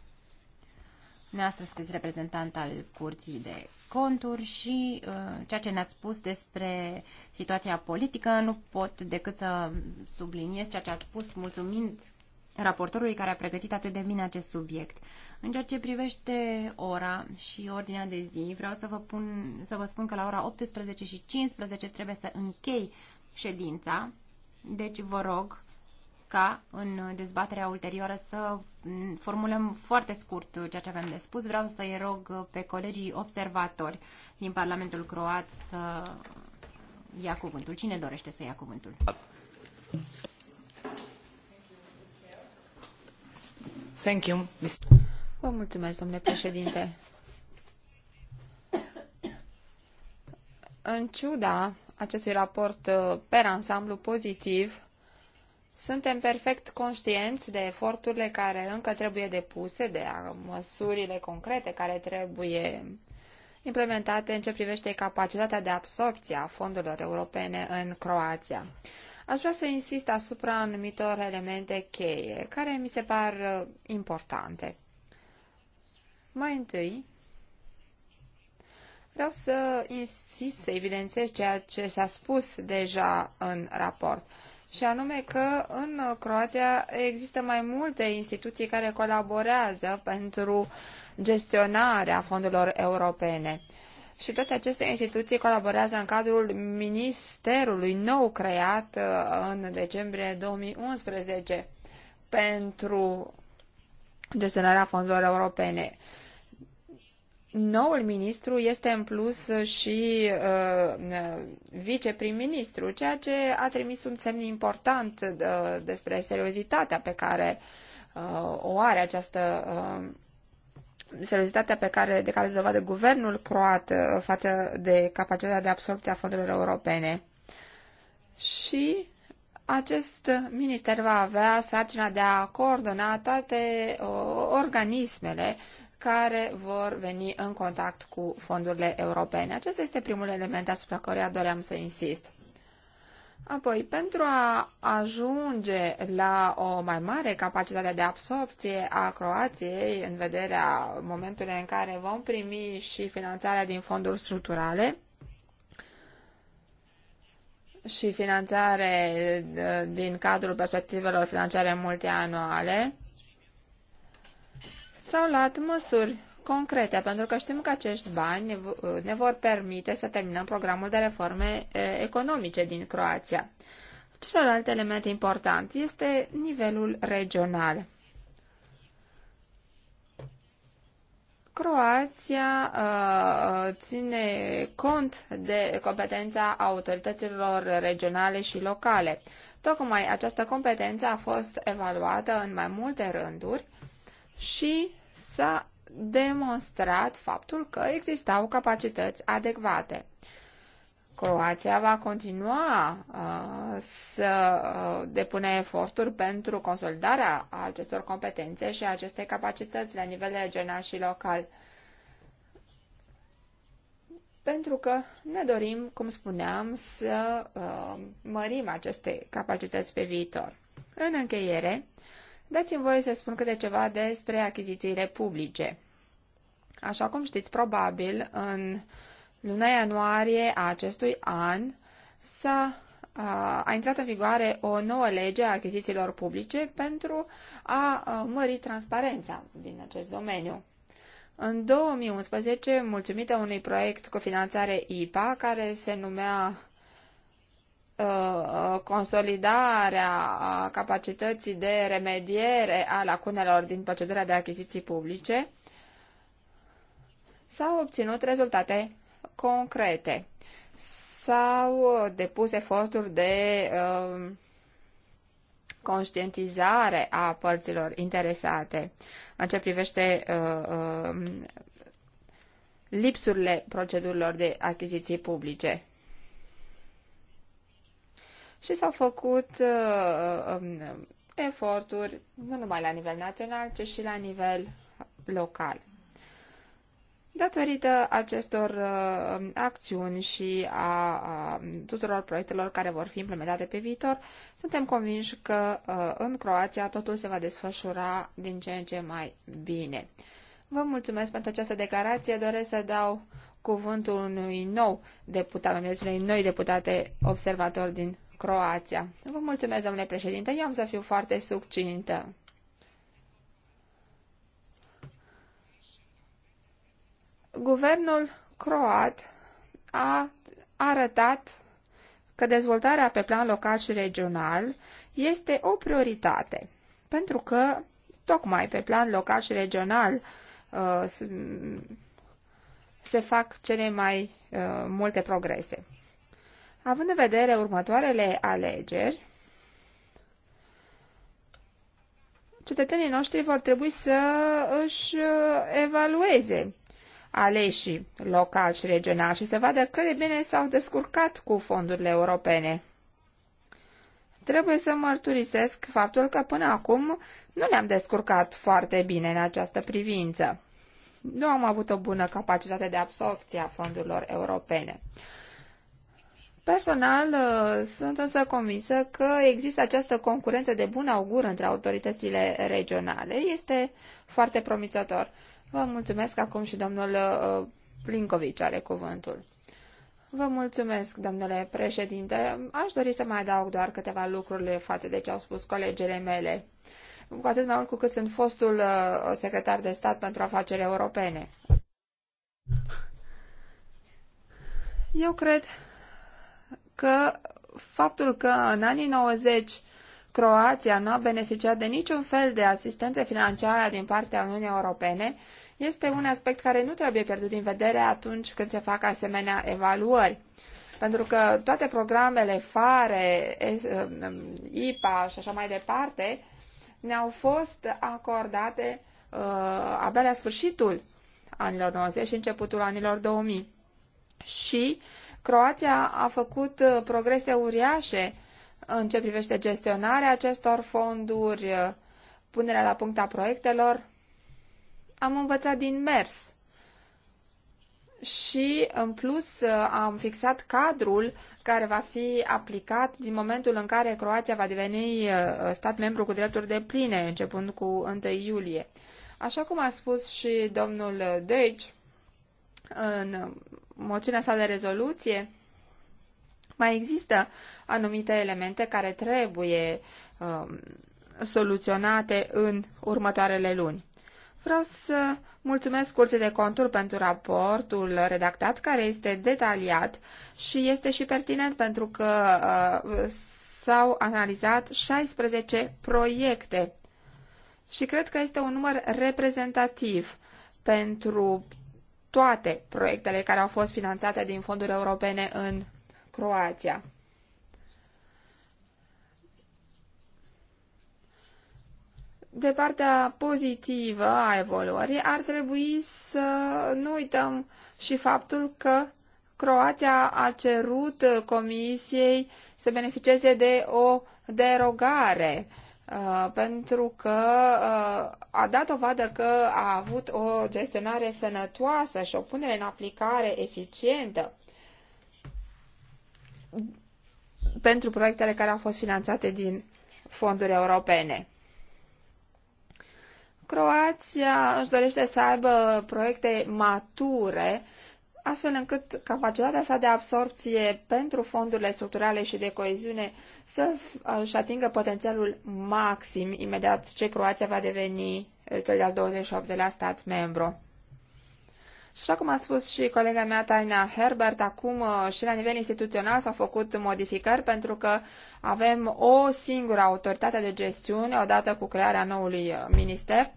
Noastră sunteți reprezentant al Curții de Conturi și uh, ceea ce ne-ați spus despre situația politică nu pot decât să subliniez ceea ce ați spus, mulțumind raportorului care a pregătit atât de bine acest subiect. În ceea ce privește ora și ordinea de zi, vreau să vă, pun, să vă spun că la ora 18 și 15 trebuie să închei ședința deci vă rog ca în dezbaterea ulterioară să formulăm foarte scurt ceea ce avem de spus. Vreau să-i rog pe colegii observatori din Parlamentul Croat să ia cuvântul. Cine dorește să ia cuvântul? Thank you. Vă mulțumesc, domnule președinte. În ciuda acestui raport uh, per ansamblu pozitiv. Suntem perfect conștienți de eforturile care încă trebuie depuse, de măsurile concrete care trebuie implementate în ce privește capacitatea de absorpție a fondurilor europene în Croația. Aș vrea să insist asupra anumitor elemente cheie, care mi se par uh, importante. Mai întâi, Vreau să insist, să evidențiez ceea ce s-a spus deja în raport, și anume că în Croația există mai multe instituții care colaborează pentru gestionarea fondurilor europene. Și toate aceste instituții colaborează în cadrul ministerului nou creat uh, în decembrie 2011 pentru gestionarea fondurilor europene noul ministru este în plus și uh, viceprim-ministru, ceea ce a trimis un semn important uh, despre seriozitatea pe care uh, o are această uh, seriozitatea pe care, de care dovadă guvernul croat uh, față de capacitatea de absorbție a fondurilor europene. Și acest minister va avea sarcina de a coordona toate uh, organismele care vor veni în contact cu fondurile europene. Acesta este primul element asupra căruia doream să insist. Apoi, pentru a ajunge la o mai mare capacitate de absorpție a Croației în vederea momentului în care vom primi și finanțarea din fonduri structurale și finanțare uh, din cadrul perspectivelor financiare multianuale, s-au luat măsuri concrete, pentru că știm că acești bani ne vor permite să terminăm programul de reforme economice din Croația. Celălalt element important este nivelul regional. Croația ține cont de competența autorităților regionale și locale. Tocmai această competență a fost evaluată în mai multe rânduri și s-a demonstrat faptul că existau capacități adecvate. Croația va continua uh, să uh, depune eforturi pentru consolidarea acestor competențe și aceste capacități la nivel regional și local. Pentru că ne dorim, cum spuneam, să uh, mărim aceste capacități pe viitor. În încheiere, dați-mi voie să spun câte ceva despre achizițiile publice. Așa cum știți, probabil, în luna ianuarie a acestui an s-a a, a intrat în vigoare o nouă lege a achizițiilor publice pentru a, a mări transparența din acest domeniu. În 2011, mulțumită unui proiect cu finanțare IPA care se numea Uh, uh, consolidarea capacității de remediere a lacunelor din procedura de achiziții publice, s-au obținut rezultate concrete. S-au depus eforturi de uh, conștientizare a părților interesate în ce privește lipsurile procedurilor de achiziții publice și s-au făcut uh, uh, um, eforturi nu numai la nivel național, ci și la nivel local. Datorită acestor uh, acțiuni și a, a tuturor proiectelor care vor fi implementate pe viitor, suntem convinși că uh, în Croația totul se va desfășura din ce în ce mai bine. Vă mulțumesc pentru această declarație. Doresc să dau cuvântul unui nou deputat, unui noi deputate observator din Croația. Vă mulțumesc, domnule președinte, eu am să fiu foarte succintă. Guvernul croat a arătat că dezvoltarea pe plan local și regional este o prioritate, pentru că tocmai pe plan local și regional uh, se fac cele mai uh, multe progrese. Având în vedere următoarele alegeri, cetățenii noștri vor trebui să își uh, evalueze aleșii locali și regionali și să vadă cât de bine s-au descurcat cu fondurile europene. Trebuie să mărturisesc faptul că până acum nu ne-am descurcat foarte bine în această privință. Nu am avut o bună capacitate de absorpție a fondurilor europene. Personal, uh, sunt însă convinsă că există această concurență de bun augur între autoritățile regionale. Este foarte promițător. Vă mulțumesc acum și domnul uh, Plinkovici are cuvântul. Vă mulțumesc, domnule președinte. Aș dori să mai adaug doar câteva lucruri față de ce au spus colegele mele. Cu atât mai mult cu cât sunt fostul uh, secretar de stat pentru afaceri europene. Eu cred că faptul că în anii 90 Croația nu a beneficiat de niciun fel de asistență financiară din partea Uniunii Europene este un aspect care nu trebuie pierdut din vedere atunci când se fac asemenea evaluări. Pentru că toate programele FARE, um, IPA și așa mai departe ne-au fost acordate uh, abia la sfârșitul anilor 90 și începutul anilor 2000. Și uh, Croația a făcut uh, progrese uriașe în ce privește gestionarea acestor fonduri, uh, punerea la punct a proiectelor. Am învățat din mers și, în plus, uh, am fixat cadrul care va fi aplicat din momentul în care Croația va deveni stat membru cu drepturi de pline, începând cu 1 iulie. Așa cum a spus și domnul Deutsch, în moțiunea sa de rezoluție, mai există anumite elemente care trebuie uh, soluționate în următoarele luni. Vreau să mulțumesc Curții de Conturi pentru raportul redactat, care este detaliat și este și pertinent pentru că uh, s-au analizat 16 proiecte și cred că este un număr reprezentativ pentru toate proiectele care au fost finanțate din fonduri europene în Croația. De partea pozitivă a evoluării ar trebui să nu uităm și faptul că Croația a cerut Comisiei să beneficieze de o derogare Uh, pentru că uh, a dat dovadă că a avut o gestionare sănătoasă și o punere în aplicare eficientă pentru proiectele care au fost finanțate din fonduri europene. Croația își dorește să aibă proiecte mature astfel încât capacitatea sa de absorpție pentru fondurile structurale și de coeziune să își atingă potențialul maxim imediat ce Croația va deveni eh, cel de-al 28-lea stat membru. Și așa cum a spus și colega mea Taina Herbert, acum eh, și la nivel instituțional s-au făcut modificări pentru că avem o singură autoritate de gestiune odată cu crearea noului eh, minister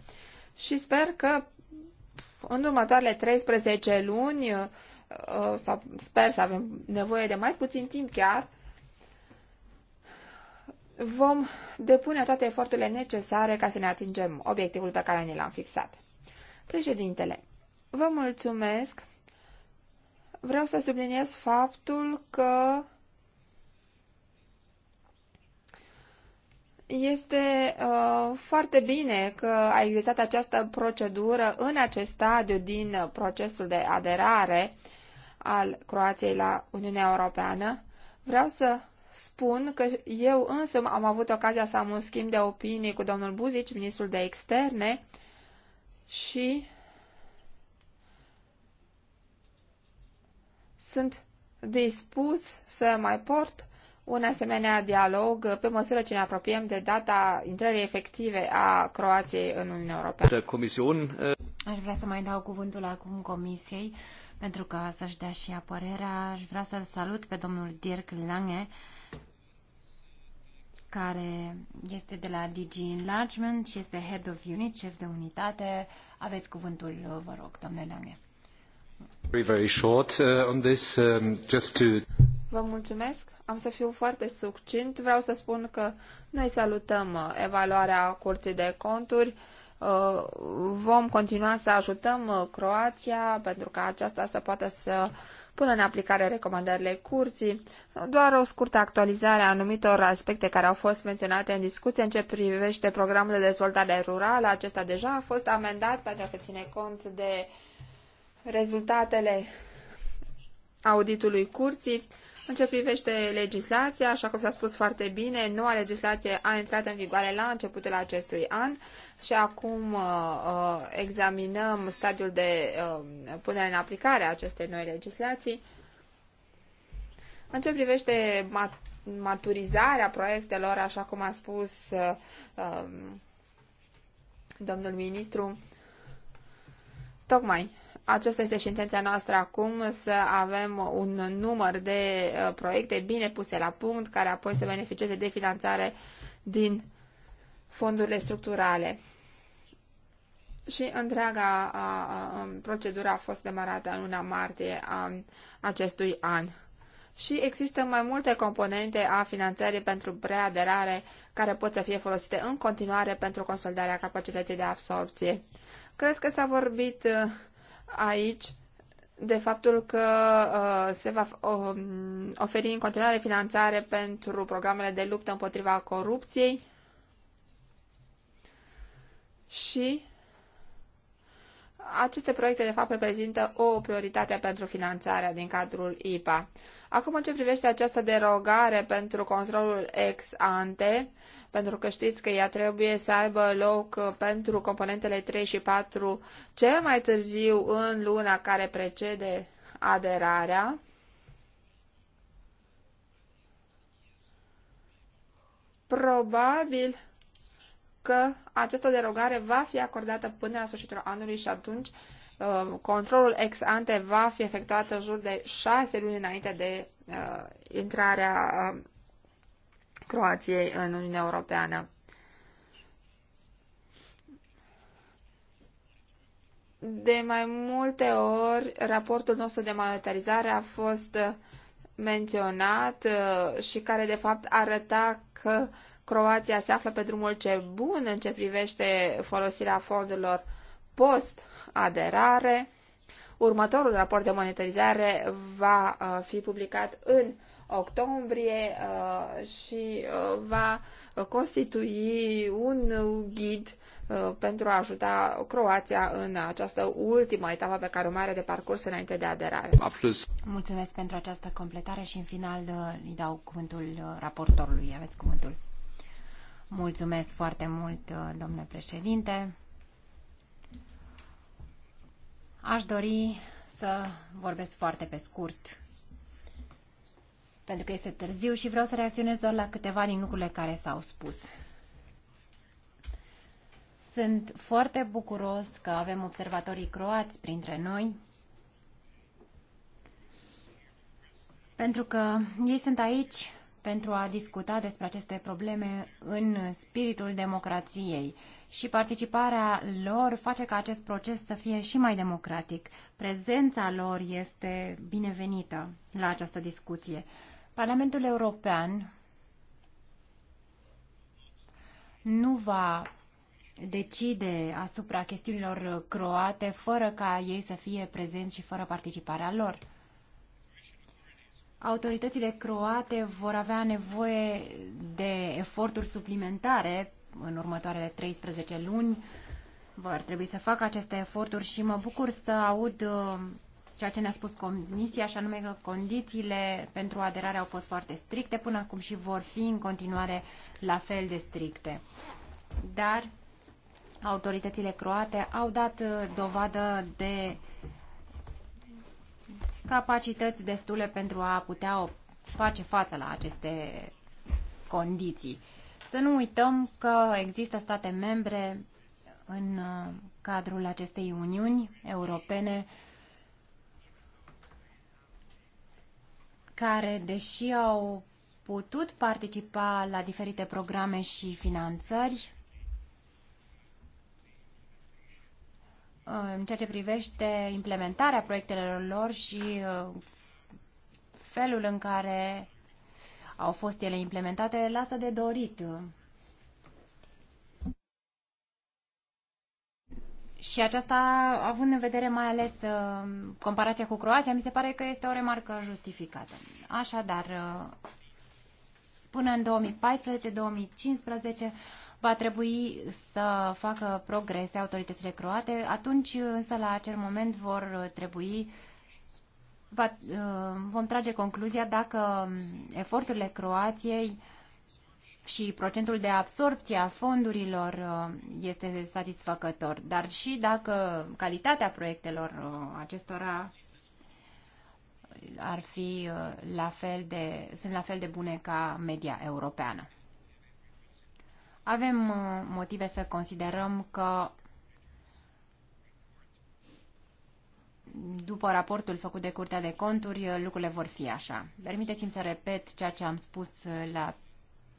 și sper că în următoarele 13 luni, uh, uh, sau sper să avem nevoie de mai puțin timp chiar, vom depune toate eforturile necesare ca să ne atingem obiectivul pe care ni l-am fixat. Președintele, vă mulțumesc. Vreau să subliniez faptul că Este uh, foarte bine că a existat această procedură în acest stadiu din procesul de aderare al Croației la Uniunea Europeană. Vreau să spun că eu însumi am avut ocazia să am un schimb de opinii cu domnul Buzici, ministrul de externe, și sunt dispus să mai port un asemenea dialog pe măsură ce ne apropiem de data intrării efective a Croației în Uniunea Europeană. Comision, eh, Aș vrea să mai dau cuvântul acum Comisiei pentru ca să-și dea și ea părerea. Aș vrea să-l salut pe domnul Dirk Lange, care este de la DG Enlargement și este Head of Unit, șef de unitate. Aveți cuvântul, vă rog, domnule Lange. Very, very short eh, on this, eh, just to... Vă mulțumesc. Am să fiu foarte succint. Vreau să spun că noi salutăm uh, evaluarea Curții de Conturi. Uh, vom continua să ajutăm uh, Croația pentru ca aceasta să poată să pună în aplicare recomandările curții. Doar o scurtă actualizare a anumitor aspecte care au fost menționate în discuție în ce privește programul de dezvoltare rurală. Acesta deja a fost amendat pentru a se ține cont de rezultatele auditului curții. În ce privește legislația, așa cum s-a spus foarte bine, noua legislație a intrat în vigoare la începutul acestui an și acum uh, uh examinăm stadiul de uh, punere în aplicare a acestei noi legislații. În ce privește mat- maturizarea proiectelor, așa cum a spus uh, uh, domnul ministru, tocmai aceasta este și intenția noastră acum, să avem un număr de uh, proiecte bine puse la punct, care apoi să beneficieze de finanțare din fondurile structurale. Și întreaga a, a, procedură a fost demarată în luna martie a acestui an. Și există mai multe componente a finanțării pentru preaderare care pot să fie folosite în continuare pentru consolidarea capacității de absorpție. Cred că s-a vorbit uh, aici de faptul că uh, se va uh, oferi în continuare finanțare pentru programele de luptă împotriva corupției și aceste proiecte, de fapt, reprezintă o prioritate pentru finanțarea din cadrul IPA. Acum, în ce privește această derogare pentru controlul ex ante, pentru că știți că ea trebuie să aibă loc uh, pentru componentele 3 și 4 cel mai târziu în luna care precede aderarea, probabil că această derogare va fi acordată până la sfârșitul anului și atunci Uh, controlul ex ante va fi efectuat în jur de șase luni înainte de uh, intrarea uh, Croației în Uniunea Europeană. De mai multe ori, raportul nostru de monetarizare a fost uh, menționat uh, și care de fapt arăta că Croația se află pe drumul ce bun în ce privește folosirea fondurilor post-aderare. Următorul raport de monitorizare va uh, fi publicat în octombrie uh, și uh, va constitui un ghid pentru a ajuta Croația în această ultimă etapă pe care o mare de parcurs înainte de aderare. Mulțumesc pentru această completare și în final îi dau cuvântul raportorului. Aveți cuvântul. Mulțumesc foarte mult, domnule președinte. Aș dori să vorbesc foarte pe scurt, pentru că este târziu și vreau să reacționez doar la câteva din lucrurile care s-au spus. Sunt foarte bucuros că avem observatorii croați printre noi, pentru că ei sunt aici pentru a discuta despre aceste probleme în spiritul democrației și participarea lor face ca acest proces să fie și mai democratic. Prezența lor este binevenită la această discuție. Parlamentul European nu va decide asupra chestiunilor croate fără ca ei să fie prezenți și fără participarea lor autoritățile croate vor avea nevoie de eforturi suplimentare în următoarele 13 luni. Vor trebui să facă aceste eforturi și mă bucur să aud uh, ceea ce ne-a spus Comisia, și anume că condițiile pentru aderare au fost foarte stricte până acum și vor fi în continuare la fel de stricte. Dar autoritățile croate au dat uh, dovadă de capacități destule pentru a putea face față la aceste condiții. Să nu uităm că există state membre în uh, cadrul acestei Uniuni Europene care, deși au putut participa la diferite programe și finanțări, în ceea ce privește implementarea proiectelor lor și uh, felul în care au fost ele implementate, lasă de dorit. Și aceasta, având în vedere mai ales uh, comparația cu Croația, mi se pare că este o remarcă justificată. Așadar, uh, până în 2014-2015 va trebui să facă progrese autoritățile croate, atunci însă la acel moment vor trebui va, uh, vom trage concluzia dacă um, eforturile Croației și procentul de absorpție a fondurilor uh, este satisfăcător, dar și dacă calitatea proiectelor uh, acestora ar fi la fel de, sunt la fel de bune ca media europeană. Avem uh, motive să considerăm că după raportul făcut de Curtea de Conturi, uh, lucrurile vor fi așa. Permiteți-mi să repet ceea ce am spus uh, la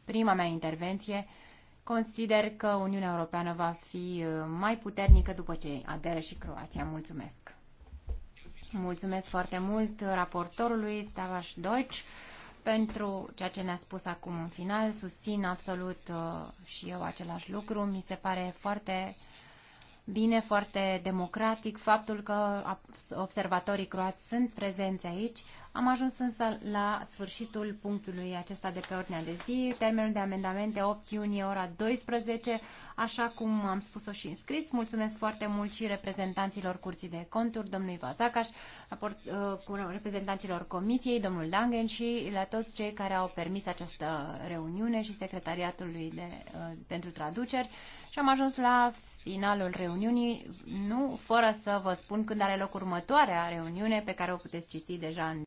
prima mea intervenție. Consider că Uniunea Europeană va fi mai puternică după ce aderă și Croația. Mulțumesc! Mulțumesc foarte mult raportorului Tavaș Deutsch pentru ceea ce ne-a spus acum în final. Susțin absolut uh, și eu același lucru. Mi se pare foarte bine, foarte democratic faptul că observatorii croați sunt prezenți aici am ajuns însă la sfârșitul punctului acesta de pe ordinea de zi, termenul de amendamente 8 iunie ora 12, așa cum am spus-o și în scris. Mulțumesc foarte mult și reprezentanților Curții de Conturi, domnului Vazacaș, raport, uh, cu reprezentanților Comisiei, domnul Dangen și la toți cei care au permis această reuniune și secretariatului de, uh, pentru traduceri. Și am ajuns la finalul reuniunii, nu fără să vă spun când are loc următoarea reuniune pe care o puteți citi deja în